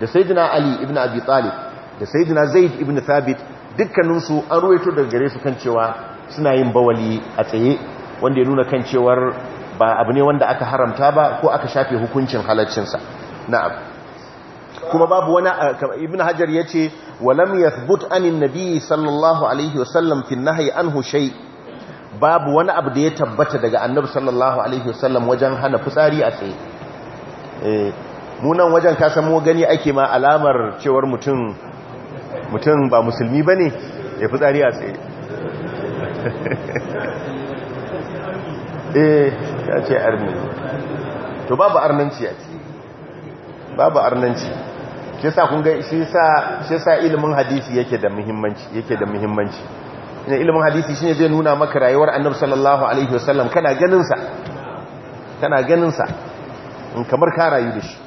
da sayyidina Ali ibn Abi Talib da sayyidina Zaid ibn Thabit dukkaninsu an ruwaito daga gare su kan cewa suna yin bawali a tsaye wanda ya nuna kan cewar ba abu ne wanda aka haramta ba ko aka shafe hukuncin halaccinsa na'am kuma babu wani eh, ibn hajar ya ce walam yathbut anin nabi sallallahu alaihi wasallam fi nahyi anhu shay babu wani abu da ya tabbata daga annabi sallallahu alaihi wasallam wajen hana fitsari a tsaye eh, Mu munan wajen ka samu gani ake ma alamar cewar mutum mutum ba musulmi bane ya fusari a tsaye [laughs] eh sai a ce arni to babu arnanci a ce babu arnanci shi sa kun shi sa shi sa ilimin hadisi yake da muhimmanci yake da muhimmanci ina ilimin hadisi shine zai nuna maka rayuwar annabi sallallahu alaihi wasallam kana ganin sa kana ganin sa in kamar ka rayu da shi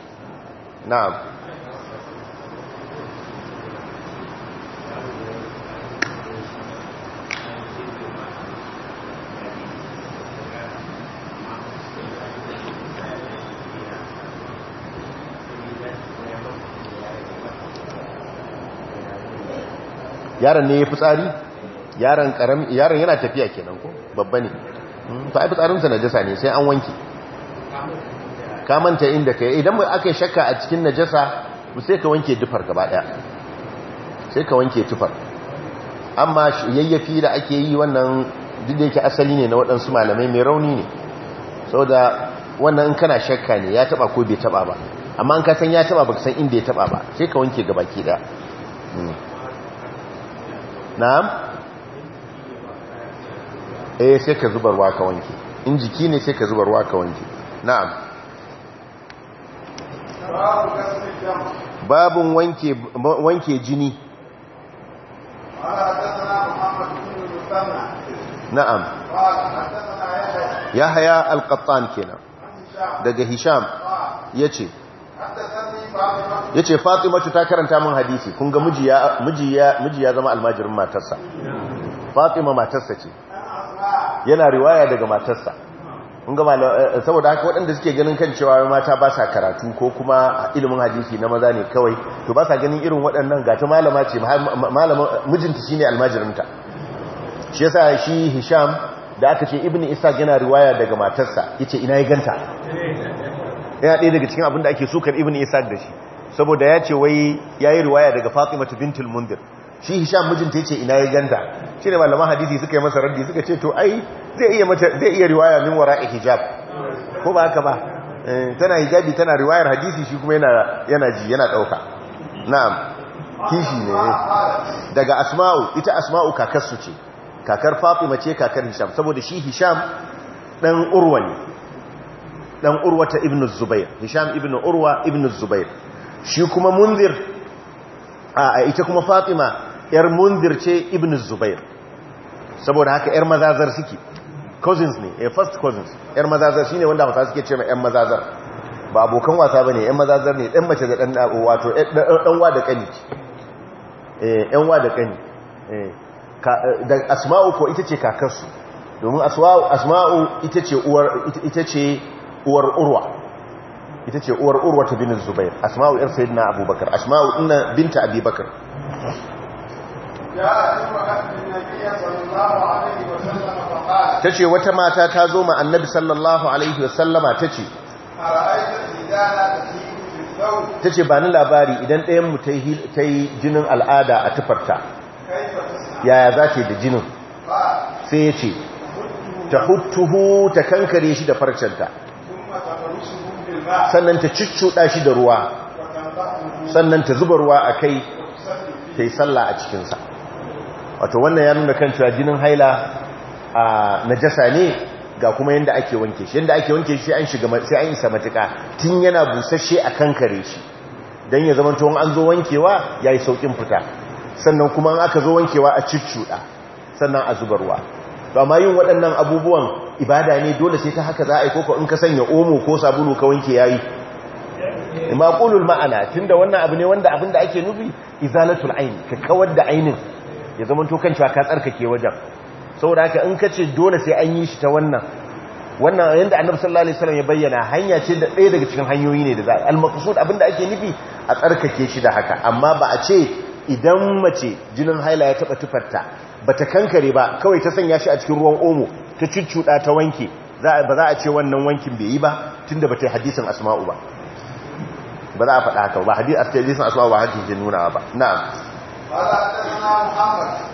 na'am yaron ne ya fi tsari yaron yana tafiya nan ko babba ne hmm, to ai fitsarinsa najasa ne sai an wanke ka manta inda yi, idan ba aka shakka a cikin najasa sai ka wanke dufar gaba daya sai ka wanke tufar amma yayyafi da ake yi wannan duk da yake asali ne na waɗansu malamai mai rauni ne saboda wannan kana shakka ne ya taba ko bai taba ba amma an ka san ya taba baka san inda ya taba ba sai ka wanke gaba ke da na'am eh sai ka zubar wa ka wanke in jiki ne sai ka zubar wa ka wanke na'am babun wanke wanke jini na'am haya al-qattan kenan daga hisham yace ya ce fatimatu ta karanta min hadisi kun ga miji ya zama almajirin matarsa fatima matarsa ce yana riwaya daga matarsa eh, eh, saboda haka waɗanda suke ganin kan cewa mata ba sa karatu ko kuma ilimin hadisi na maza ne kawai to ba sa ganin irin waɗannan ga ta malama ce mijinta shi ne almajirinta shi yasa shi hisham da aka ce ibn isa yana riwaya daga matarsa yace ina ya ganta yana ɗaya daga cikin abin da ake sukar ibn isaac da shi saboda ya ce wai ya yi riwaya daga fatimatu bintul mundir shi hisham mijinta ya ce ina ya ganta shi ne malaman hadisi suka yi masa raddi suka ce to ai zai iya riwaya min a hijab ko ba haka ba eh, tana hijabi tana riwayar hadisi shi kuma yana ji yana ɗauka na'am kishi ne daga asma'u ita asma'u kakar su ce kakar fatima ce kakar hisham saboda shi hisham ɗan urwa dan ta ibn zubair hisham ibn urwa ibn zubair shi kuma munzir a ita kuma fatima yar munzir ce ibn zubair saboda haka yar mazazar suke cousins ne a eh, first cousins yar mazazar shine wanda hausa suke ce ma yan mazazar ba abokan wasa bane yan mazazar ne dan mace da dan wato dan wa da kani eh yan wa da kani eh, eh asma'u ko ita ce kakarsu domin asma'u ita ce uwar ita ce uwar urwa ita ce uwar urwa ta binin zubair asma'u yar sayi na abubakar asma'u ina binta abubakar ta ce wata mata ta zo ma annabi sallallahu alaihi wasallama ta ce ta ce ba ni labari idan ɗayanmu ta yi jinin al'ada a tufarta yaya za ce da jinin sai ya ce ta hutuhu ta kankare shi da farcenta sannan ta cuccuɗa shi da ruwa sannan ta zuba ruwa a kai ta yi sallah a cikinsa wato wannan ya nuna kan cewa jinin haila a najasa ne ga kuma yadda ake wanke shi yadda ake wanke shi sai an isa matuka tun yana busasshe a kan kare shi don ya zama tuwon an zo wankewa ya yi sauƙin fita sannan kuma an aka zo wankewa a cuccuɗa sannan a zuba ruwa to amma yin waɗannan abubuwan ibada ne dole sai ta haka za a yi koko in ka sanya omo ko sabulu ka wanke yayi qulul ma'ana tunda wannan abu ne wanda abinda ake nufi izalatul ayn ka kawar da ainin ya zama to kan cewa ka tsarkake wajen saboda haka in ka ce dole sai an yi shi ta wannan wannan yanda annabi sallallahu alaihi wasallam ya bayyana hanya ce da ɗaya daga cikin hanyoyi ne da za al maqsud abinda ake nufi a tsarkake shi da haka amma ba a ce idan mace jinin haila ya taba tufarta bata kankare ba kawai ta sanya shi a cikin ruwan omo ta cuccuɗa ta wanke ba za a ce wannan wankin bai yi ba tunda ba ta yi hadisin asma'u ba ba za a faɗa haka ba hadisin asma'u ba hadisin nuna ba na'am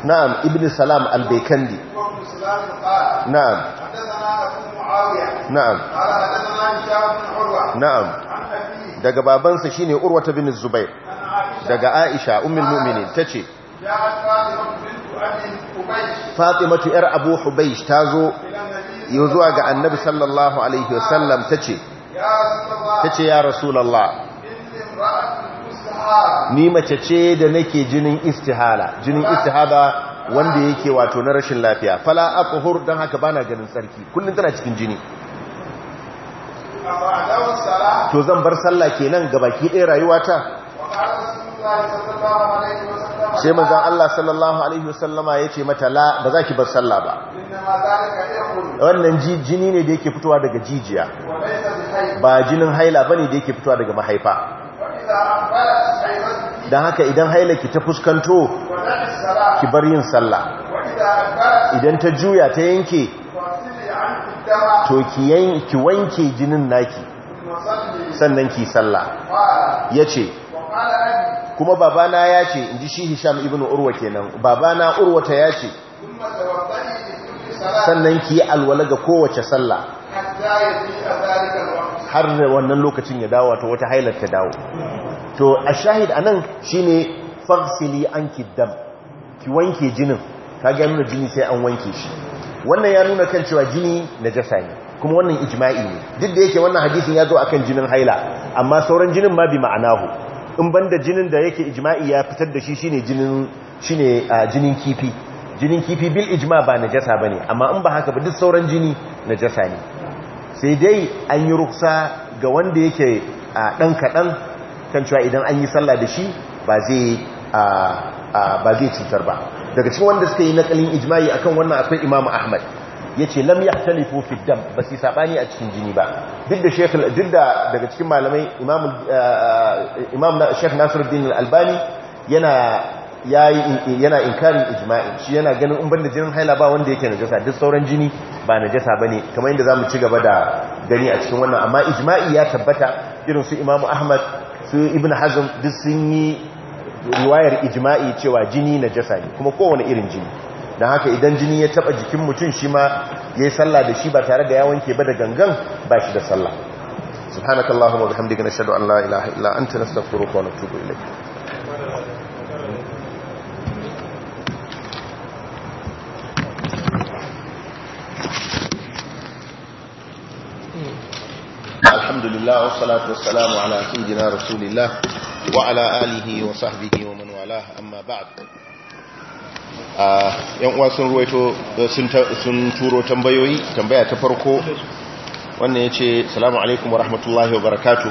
na'am Ibn Salam Al-Baikandi na'am na'am na'am daga babansa shine Urwata bin Zubair daga Aisha ummul mu'minin tace fatimatu yar abu hubaish ta zo yau zuwa ga annabi sallallahu alaihi wasallam ta ce ta ce ya rasulallah ni mace ce da nake jinin istihala jinin istihada wanda yake wato na rashin lafiya fala aqhur dan haka bana ganin tsarki. kullun tana cikin jini to zan bar sallah kenan ga baki ɗaya rayuwata sai manzon Allah sallallahu alaihi wasallama ce mata la ba za ki bar sallah ba wannan jini ne da yake fitowa daga jijiya ba jinin haila ba ne da yake fitowa daga mahaifa dan haka idan haila ki ta fuskanto ki bar yin sallah idan ta juya ta yanke to ki wanke jinin naki sannan ki sallah yace kuma babana ya ce in ji shi hisham ibn urwa kenan babana urwata ya ce sannan ki yi alwala ga kowace sallah har da wannan lokacin ya dawo ta wata hailar ta dawo to a shahid a nan shi ne fagsili an kiddam ki wanke jinin ka ga nuna jini sai an wanke shi wannan ya nuna kan cewa jini na jasa ne kuma wannan ijma'i ne duk da yake wannan hadisin ya zo akan jinin haila amma sauran jinin ma bi ma'anahu in banda jinin da yake ijma'i ya fitar da shi shine jinin shine jinin kifi jinin kifi bil ijma ba najasa bane amma in ba haka ba duk sauran jini najasa ne sai dai an yi ruksa ga wanda yake dan kadan kan cewa idan an yi sallah da shi ba zai ba zai cutar ba daga cikin wanda suka yi nakalin ijma'i akan wannan akwai Imam Ahmad yace lam yahtalifu fi dam yi saɓani a cikin jini ba duk da sheikh duk da daga cikin malamai imam eh, eh, shek Nasiruddin albani yana in inkarin ijma'i shi yana ganin in da jinin haila ba wanda yake najasa duk sauran jini ba najasa ne kamar yadda zamu ci gaba da gani a cikin wannan amma ijima'i ya tabbata irin su imamu Ahmad su Ibn Hazm duk sun yi riwayar ijma'i cewa jini najasa ne kuma kowane irin jini don haka idan jini ya taba jikin mutum shi ma ya yi sallah da shi ba tare da yawon ke ba da gangan ba shi da sallah subhanaka allahumma wa bihamdika nashhadu an la ilaha illa anta nastaghfiruka wa tubu ilayk alhamdulillah wassalatu wassalamu ala sayyidina rasulillah wa ala alihi wa sahbihi wa man amma ba'ad. yan uwa sun ruwaito sun turo tambayoyi tambaya ta farko wannan ya ce salamu alaikum wa rahmatullahi wa barakatu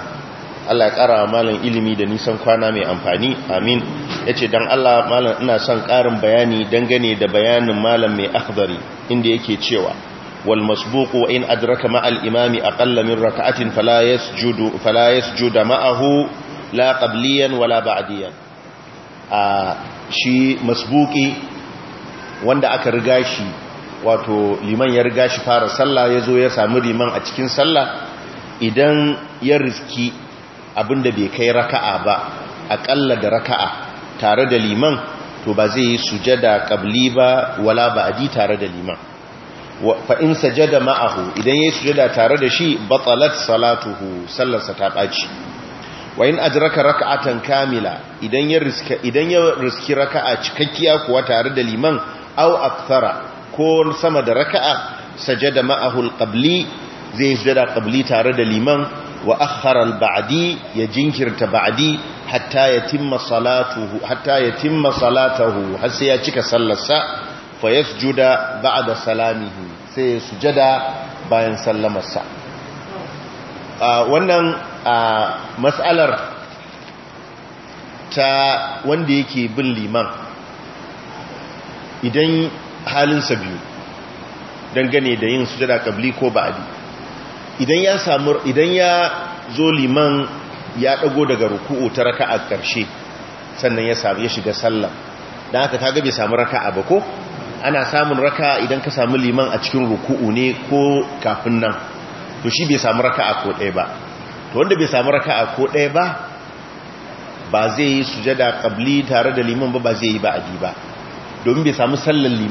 Allah ya kara malam ilimi da nisan kwana mai amfani amin ya ce don Allah malin ina son karin bayani dangane da bayanin malam mai akhbari inda yake cewa wal masbuku in adraka ma'al imami aqalla min raka'atin fala yasjudu fala ma'ahu la qabliyan wala ba'diyan a shi masbuki wanda aka riga shi wato liman ya riga shi fara sallah ya zo ya sami liman a cikin sallah idan ya riski abinda bai kai raka'a ba aƙalla da raka'a tare da liman to ba zai yi sujada qabli ba wala ba'di tare da liman fa in sajada ma'ahu idan yayi sujada tare da shi batalat salatuhu sallarsa ta baci wa in ajraka raka'atan kamila idan ya idan ya riski raka'a cikakkiya kuwa tare da liman aw akthara ko sama da raka'a sajada ma'ahu al-qabli zai sajada qabli tare da liman wa akhara al-ba'di ya jinkirta ba'di hatta yatimma salatuhu hatta yatimma salatahu har sai ya cika sallarsa fa yasjuda ba'da salamihi sai ya sujada bayan sallamarsa wannan mas'alar ta wanda yake bin liman idan halinsa biyu dangane da yin sujada kabli ko ba'adi idan ya samu idan ya zo liman ya dago daga ruku'u ta raka'a karshe sannan ya samu ya shiga sallah dan haka kaga bai samu raka'a ba ko ana samun raka idan ka samu liman a cikin ruku'u ne ko kafin nan to shi bai samu raka'a ko ɗaya ba to wanda bai samu raka'a ko ɗaya ba ba zai yi sujada kabli tare da liman ba ba zai yi ba'adi ba domin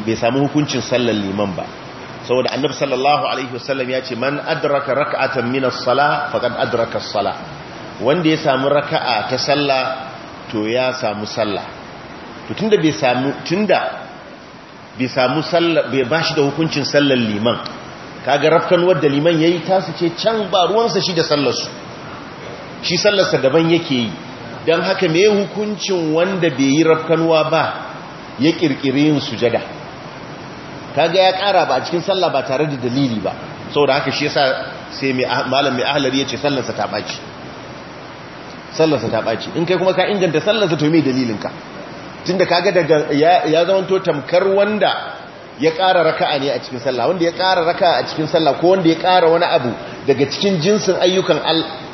bai samu hukuncin sallan liman ba saboda annabi sallallahu alaihi wasallam ya ce man adraka raka'atan min as-salah faqad adraka as-salah wanda ya samu raka'a ta sallah to ya samu sallah to tunda bai samu tunda bai samu sallah bai bashi da hukuncin sallar liman kaga rafkan wadda liman yayi su ce can ba ruwan sa shi da sallar su shi sallarsa daban yake yi dan haka me hukuncin wanda bai yi rafkanwa ba ya kirkiri yin sujada kaga ya kara ba a cikin sallah ba tare da dalili ba sau da haka shi yasa sai ah, malam mai ya yace sallarsa ta baci sallarsa ta baci in kai kuma ka inganta sallarsa to mai dalilin ka da kaga daga ya zamanto tamkar wanda ya ƙara raka'a ne a cikin sallah wanda ya kara raka'a a cikin sallah ko wanda ya kara wani abu daga cikin jinsin ayyukan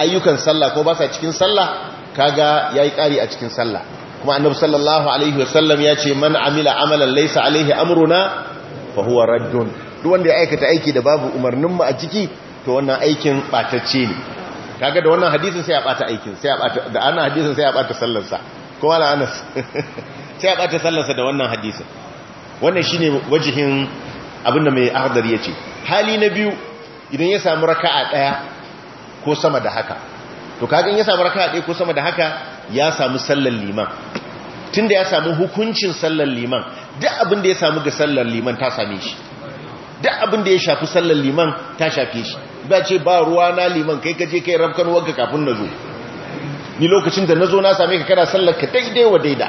ayyukan sallah ko ba sa cikin sallah kaga yi ƙare a cikin sallah kuma annabi sallallahu alaihi wasallam ya ce man amila amalan laysa alaihi amruna fa huwa raddun duk wanda ya aikata aiki da babu umarnin mu a ciki to wannan aikin batacce ne kaga da wannan hadisin sai ya bata aikin sai ya bata da annan hadisin sai ya bata sallarsa ko wala anas [laughs] sai ya bata sallarsa da wannan hadisin wannan shine wajihin abinda mai ahdar yace hali na biyu idan ya samu raka'a daya ko sama da haka to kaga in ya samu raka'a daya ko sama da haka ya samu sallar liman tunda ya samu hukuncin sallar liman duk abin da ya samu ga sallar liman ta same shi duk abin da ya shafi sallar liman ta shafe shi ba ce ba ruwa na liman kai kaje kai rafkan wanka kafin na zo ni lokacin da na zo na same ka kana sallar ka daidai wa daida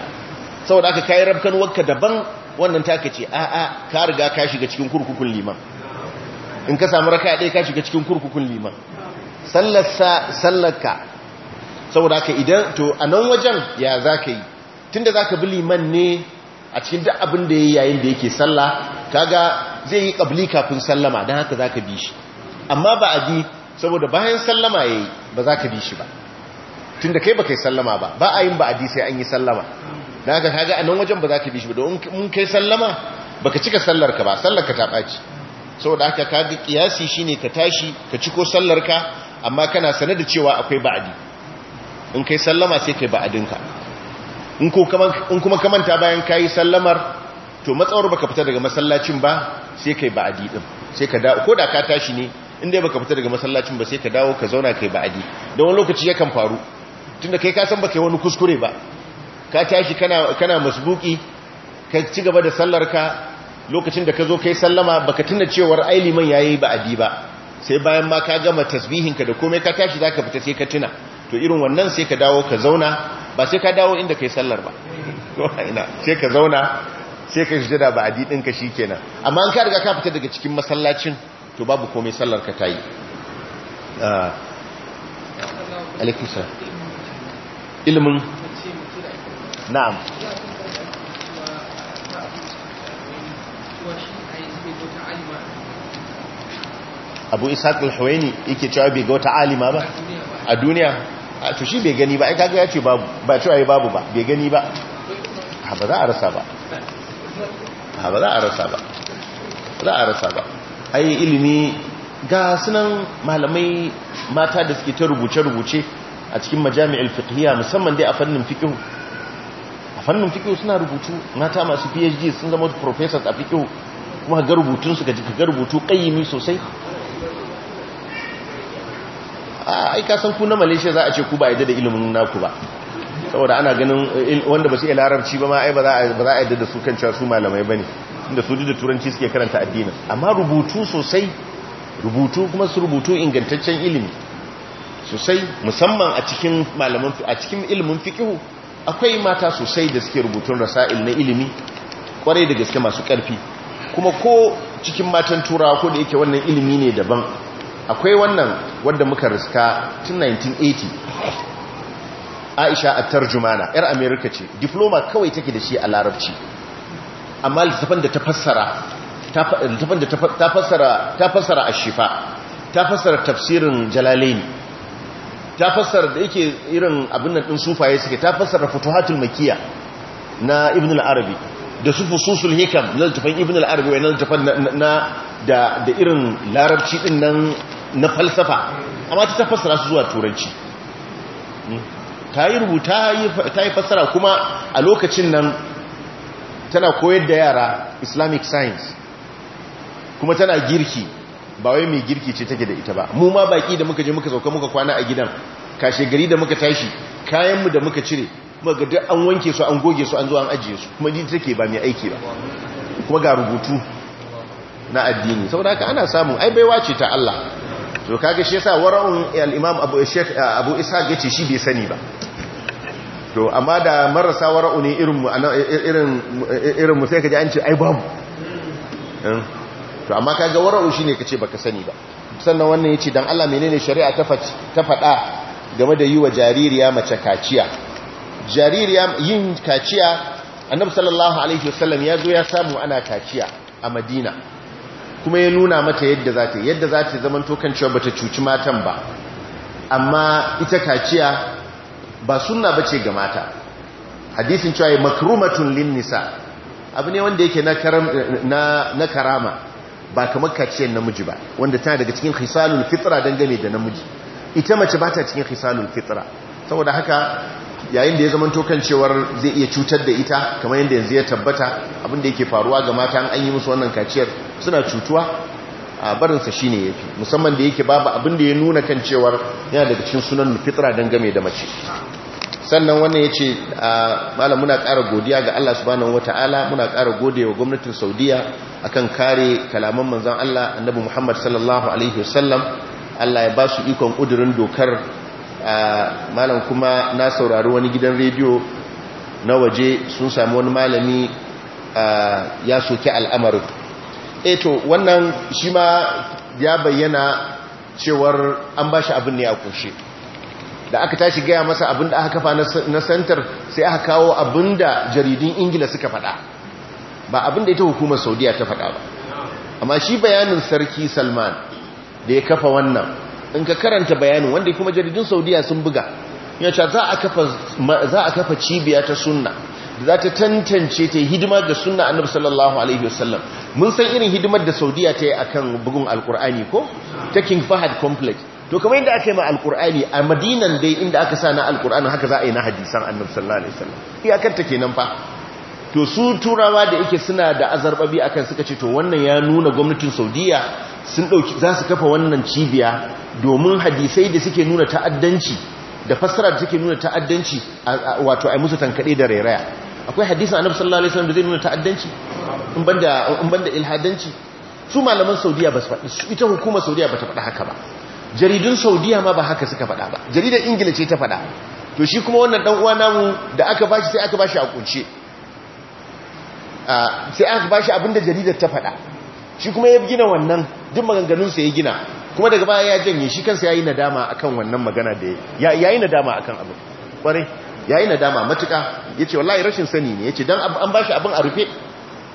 saboda aka kai rafkan wanka daban wannan ta kace a a ka riga ka shiga cikin kurkukun liman in ka samu raka ɗaya ka shiga cikin kurkukun liman sallar sa sallarka saboda haka idan to a nan wajen ya za ka yi tun da za ka bi liman ne a cikin duk abin da ya yi yayin da yake sallah kaga zai yi kabli kafin sallama don haka za ka bi shi amma ba a bi saboda bayan sallama ya yi ba za ka bi shi ba tun da kai ba kai sallama ba ba a yin ba a bi sai an yi sallama don haka kaga a nan wajen ba za ka bi shi ba don mun kai sallama ba ka cika sallar ka ba sallar ka ta ɓaci saboda haka kaga kiyasi shine ka tashi ka ciko sallar ka amma kana sanar da cewa akwai ba'adi in kai sallama sai kai ba'adinka in kuma kamanta bayan kayi sallamar to matsawar baka fita daga masallacin ba sai kai ba'adi din sai ka dawo ko da ka tashi ne inda baka fita daga masallacin ba sai ka dawo ka zauna kai ba'adi don wani lokaci yakan faru tunda kai ka san baka yi wani kuskure ba ka tashi kana kana masbuki ka ci gaba da sallar ka lokacin da ka zo kai sallama baka tuna cewar ai liman yayi ba'adi ba sai bayan ma ka gama tasbihinka da komai ka tashi zaka fita sai ka tuna to irin wannan sai ka dawo ka zauna ba sai ka dawo inda kai sallar ba [laughs] sai ka zauna sai ka sujada ba adi ɗinka shi kenan amma an ka riga ka fita daga cikin masallacin to babu komai sallar ka ta yi ah. ilimin na'am abu isaac al-huwaini yake cewa bai ga wata alima ba a duniya to shi bai gani ba ai kaga ya ce babu ba cewa yi babu ba bai gani ba ha ah, ba za a rasa ba ha ah, ba za a rasa ba za a rasa ba ai ilimi ga sunan malamai mata da suke ta rubuce-rubuce a cikin majami'il fiqhiyya musamman dai a fannin fiqh a fannin fiqh suna rubutu mata masu PhD sun zama professors a fiqh kuma ga rubutun su ga rubutu qayyimi sosai a ai ka san ku na malaysia za a ce ku ba yadda da ilimin naku ba saboda ana ganin wanda ba su iya larabci ba ma ai ba za a yadda da su kan cewa su malamai ba ne inda su da turanci suke karanta addinin amma rubutu sosai rubutu kuma su rubutu ingantaccen ilimi sosai musamman a cikin malaman a cikin ilimin fikihu akwai mata sosai da suke rubutun rasa'il na ilimi kwarai da gaske masu karfi kuma ko cikin matan turawa ko da yake wannan ilimi ne daban akwai wannan wadda muka riska tun 1980 aisha a tarjumana yar amerika ce diploma kawai take da shi a larabci amma littafin da ta fassara ta fassara ta fassara ashifa ta fassara tafsirin jalalaini ta fassara da yake irin abin nan din sufaye suke ta fassara futuhatul makiya na ibn al-arabi da su fususul hikam na littafin ibn al-arabi wa na littafin na da irin larabci din nan na falsafa amma ta fassara su zuwa turanci hmm? ta yi rubuta ta yi fassara kuma a lokacin nan tana koyar da yara islamic science kuma tana girki ba wai mai girki ce take da ita ba mu ma baki da muka je muka sauka muka kwana a gidan kashe gari da muka tashi kayanmu da muka cire muka ga an wanke su an goge su an zo an ajiye su kuma jin take ba mai aiki ba kuma ga rubutu na addini saboda haka ana samun ai baiwa ce ta Allah to kaga shi yasa wara'un al-imam abu ishaq eh, abu ishaq yace shi bai sani ba to amma da marasa wara'u ne irin mu irin irin mu sai kaje an ce ai babu eh? to amma kaga wara'u shine kace baka sani ba sannan wannan yace dan Allah menene shari'a ta ta fada game da yiwa jaririya mace kaciya jaririya yin kaciya annabi sallallahu alaihi wasallam ya zo ya samu ana kaciya a madina kuma ya nuna mata yadda za ta yadda za ta zama tokan cewa bata cuci matan ba amma ita kaciya ba sunna bace ga mata hadisin cewa makrumatun lin nisa abu ne wanda yake na karama ba kamar kaciyar namiji ba wanda tana daga cikin khisalul fitra dangane da namiji ita mace ba ta cikin khisalul fitra saboda haka yayin da ya zama tokan cewar zai iya cutar da ita kamar yadda yanzu ya tabbata abinda yake faruwa ga mata an yi musu wannan kaciyar suna cutuwa a barinsa shi ne ya fi musamman da yake babu abinda ya nuna kan cewar yana daga cikin sunan fitra don game da mace sannan wannan ya ce malam muna ƙara godiya ga Allah subhanahu wata'ala muna ƙara godiya wa gwamnatin saudiya akan kare kalaman manzan Allah annabi Muhammad sallallahu alaihi wasallam Allah ya ba su ikon ƙudurin dokar malam kuma na saurari wani gidan rediyo na waje sun sami wani malami ya soke al'amarin eto eh wannan shi ma ya bayyana cewar an ba shi abin ne a kunshe da aka tashi gaya masa abin da aka kafa na santar sai aka kawo abin da jaridun ingila suka fada ba abin da ita hukumar saudiya ta fada ba amma shi bayanin sarki salman da ya kafa wannan in ka karanta bayanin wanda kuma jaridun saudiya sun buga yace za a kafa za a kafa cibiya ta sunna za ta tantance ta hidima ga sunna annabi sallallahu alaihi wasallam mun san irin hidimar da saudiya ta yi akan bugun alkur'ani ko ta king fahad complex to kamar inda aka yi ma alkur'ani a madinan dai inda aka sa na alkur'ani haka za a yi na hadisan annabi sallallahu alaihi wasallam iyakar ta nan fa to su turawa da yake suna da azarbabi akan suka ce to wannan ya nuna gwamnatin saudiya sun dauki za su kafa wannan cibiya domin hadisai da suke nuna ta'addanci da fassara da suke nuna ta'addanci wato ai musu tankade da rairaya akwai hadisin annabi sallallahu alaihi wasallam da zai nuna ta'addanci in banda in banda ilhadanci su malaman saudiya ba su faɗi ita hukumar saudiya ba ta faɗi haka ba jaridun saudiya ma ba haka suka faɗa ba jaridar ingila ce ta faɗa to shi kuma wannan dan uwa namu da aka bashi sai aka bashi a kunce sai aka bashi abinda jaridar ta faɗa shi kuma ya gina wannan duk sa ya gina kuma daga baya ya janye shi kansa yayi nadama akan wannan magana da ya yayi nadama akan abin kware yayi nadama matuka yace wallahi rashin sani ne yace dan an bashi abin a rufe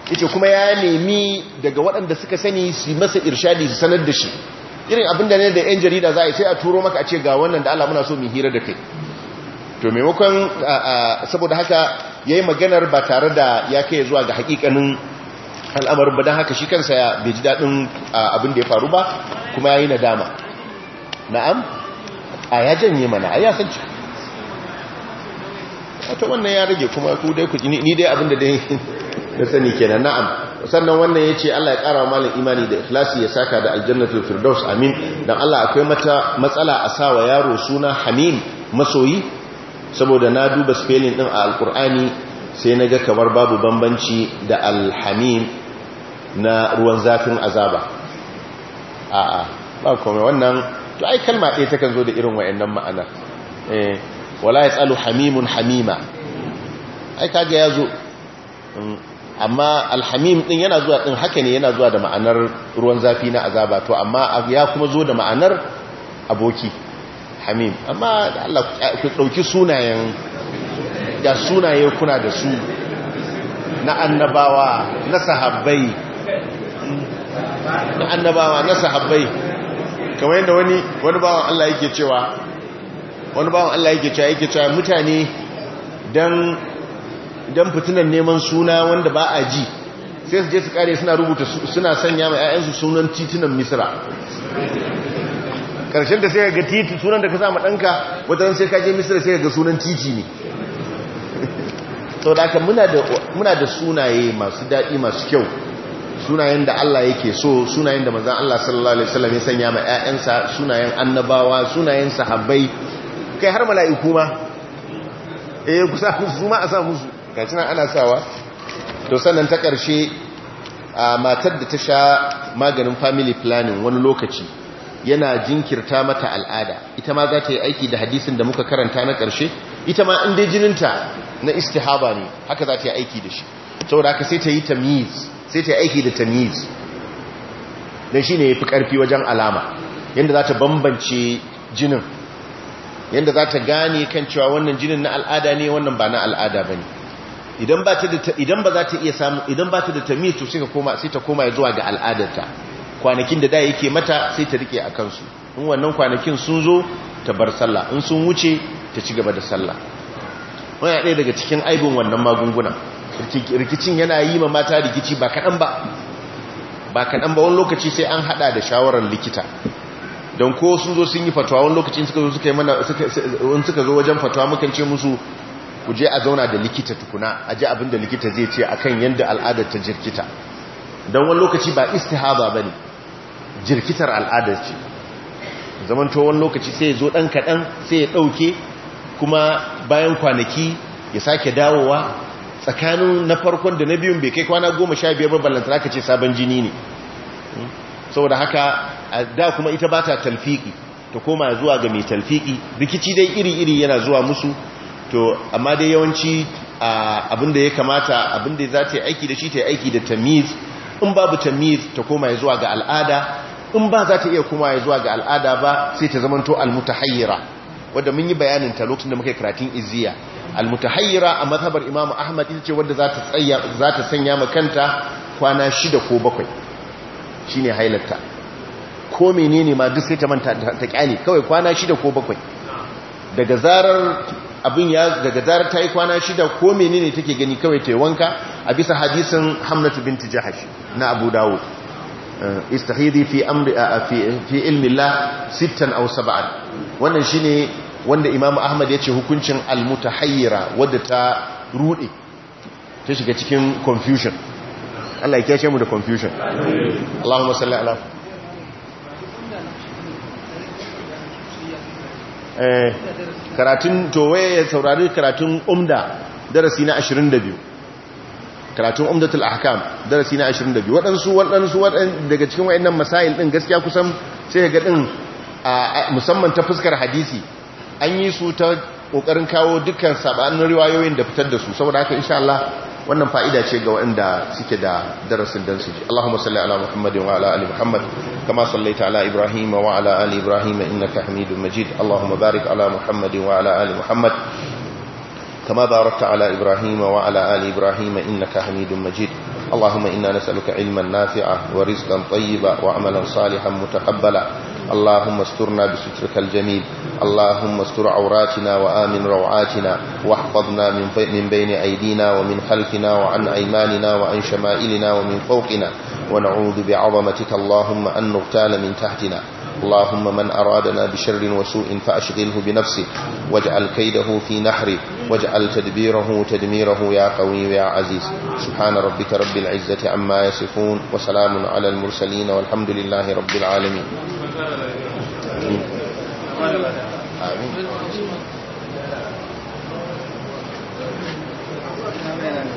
yace kuma ya nemi daga waɗanda suka sani su masa irshadi su sanar da shi irin abin da ne da yan jarida za a yi sai a turo maka a ce ga wannan da Allah muna so mu hira da kai to maimakon saboda haka yayi maganar ba tare da ya kai zuwa ga hakikanin al'amarin ba don haka shi kansa ya bai ji daɗin abin da ya faru ba kuma ya yi nadama na'am a ya janye mana a yasan ci wata wannan ya rage kuma ku dai ku ni dai abin da dai na sani kenan na'am sannan wannan ya ce Allah ya ƙara malin imani da ikhlasi ya saka da aljannatul firdaus amin don Allah akwai mata matsala a sawa yaro suna hamim masoyi saboda na duba spelling din a alkur'ani sai na ga kamar babu bambanci da alhamim na ruwan zafin azaba a'a ba komai wannan to ai kalma ɗaya takan zo da irin wayannan ma'ana eh, Wala ya yasalu hamimun hamima ai kage zo. Mm, amma alhamim ɗin yana zuwa ɗin haka ne yana zuwa da ma'anar ruwan zafi na azaba to amma ya kuma zo da ma'anar aboki hamim amma Allah ku ɗauki sunayen da sunaye kuna da su na annabawa na sahabbai na annabawa na sahabbai kamar yadda wani wani bawan Allah yake cewa wani bawan Allah yake cewa yake cewa mutane dan dan fitinan neman suna wanda ba a ji sai su je su kare suna rubuta suna sanya mai ƴaƴansu sunan titunan Misra karshen da sai ga titi sunan da ka sa ma danka wata sai ka je Misra sai ga sunan titi ne [laughs] sau da aka muna da sunaye masu dadi masu kyau sunayen da Allah yake so sunayen da mazan Allah sallallahu alaihi wasallam ya sanya ma 'yayansa sunayen annabawa sunayen sahabbai kai har mala'iku ma eh kusa su ma a sa musu gaci nan ana sawa to sannan ta ƙarshe a matar da ta sha maganin family planning wani lokaci yana jinkirta mata al'ada ita ma za ta yi aiki da hadisin da muka karanta na ƙarshe ita ma in dai jininta na istihaba ne haka za ta yi aiki da shi saboda haka sai ta yi tamiz sai ta aiki da shi ne shine fi karfi wajen alama yadda za ta bambance jinin yadda za ta gane kan cewa wannan jinin na al'ada ne wannan ba na al'ada bane idan ba ta idan ba za ta iya samu idan ba ta da tamyiz to sai ta koma sai ta koma zuwa ga al'adarta kwanakin da da yake mata sai ta rike a kansu in wannan kwanakin sun zo ta bar sallah in sun wuce ta ci gaba da sallah wannan ɗaya daga cikin aibin wannan magungunan rikicin yana yi ma mata rikici ba kaɗan ba ba kaɗan ba wani lokaci sai an haɗa da shawarar likita don ko sun zo sun yi fatawa wani lokaci suka suka zo wajen fatawa mukan ce musu ku je a zauna da likita tukuna a ji abin da likita zai ce akan yadda al'adar ta jirkita don wani lokaci ba istihaba ba ne jirkitar al'adar ce to wani lokaci sai ya zo ɗan kaɗan sai ya ɗauke kuma bayan kwanaki ya sake dawowa tsakanin na farkon da na biyun bai kai kwana goma sha biyar ba ballantana ka ce sabon jini ne saboda haka a da kuma ita ba ta talfiki ta koma zuwa ga mai talfiki rikici dai iri-iri yana zuwa musu to amma dai yawanci abinda ya kamata abinda za ta yi aiki da shi ta yi aiki da tamiz in babu tamiz ta koma zuwa ga al'ada in ba za ta iya koma zuwa ga al'ada ba sai ta zamanto almutahayyira wadda mun yi bayanin ta lokacin da muka karatun izziya almutahayyira a mazhabar imamu ahmad ita ce wadda za ta sanya makanta kwana shida ko bakwai shi ne hailarta ko menene ma duk sai ta manta ta kyale kawai kwana shida ko bakwai daga zarar abin ya daga zarar ta yi kwana shida ko menene take gani kawai ta yi wanka a bisa hadisin hamnatu binti jahash na abu dawud eh, istahidi fi amri fi ilmi la sittan aw sab'an wannan shine wanda imamu ahmad ya ce hukuncin hayira wadda ta rude ta shiga cikin confusion Allah ya ce mu da confusion allahu salli ala eh karatun towaye ya saurari karatun umda darasi na 22 karatun umdatul ahkam darasi na 22 waɗansu waɗansu waɗansu daga cikin wayannan masail ɗin gaskiya kusan sai ga ɗin musamman ta fuskar hadisi an yi su ta kokarin kawo dukkan sabanin riwayoyin da fitar da su saboda haka insha Allah wannan fa'ida ce ga waɗanda suke da darasin dan su ji Allahumma salli ala Muhammadin wa ala ali Muhammad kama sallaita ala Ibrahim wa ala ali Ibrahim innaka Hamidum Majid Allahumma barik ala Muhammadin wa ala ali Muhammad كما باركت على إبراهيم وعلى آل إبراهيم إنك حميد مجيد اللهم إنا نسألك علما نافعا ورزقا طيبا وعملا صالحا متقبلا اللهم استرنا بسترك الجميل اللهم استر عوراتنا وآمن روعاتنا واحفظنا من, من بين أيدينا ومن خلفنا وعن أيماننا وعن شمائلنا ومن فوقنا ونعوذ بعظمتك اللهم أن نغتال من تحتنا اللهم من أرادنا بشر وسوء فأشغله بنفسه واجعل كيده في نحره واجعل تدبيره تدميره يا قوي يا عزيز سبحان ربك رب العزة عما يصفون وسلام على المرسلين والحمد لله رب العالمين آمين, آمين.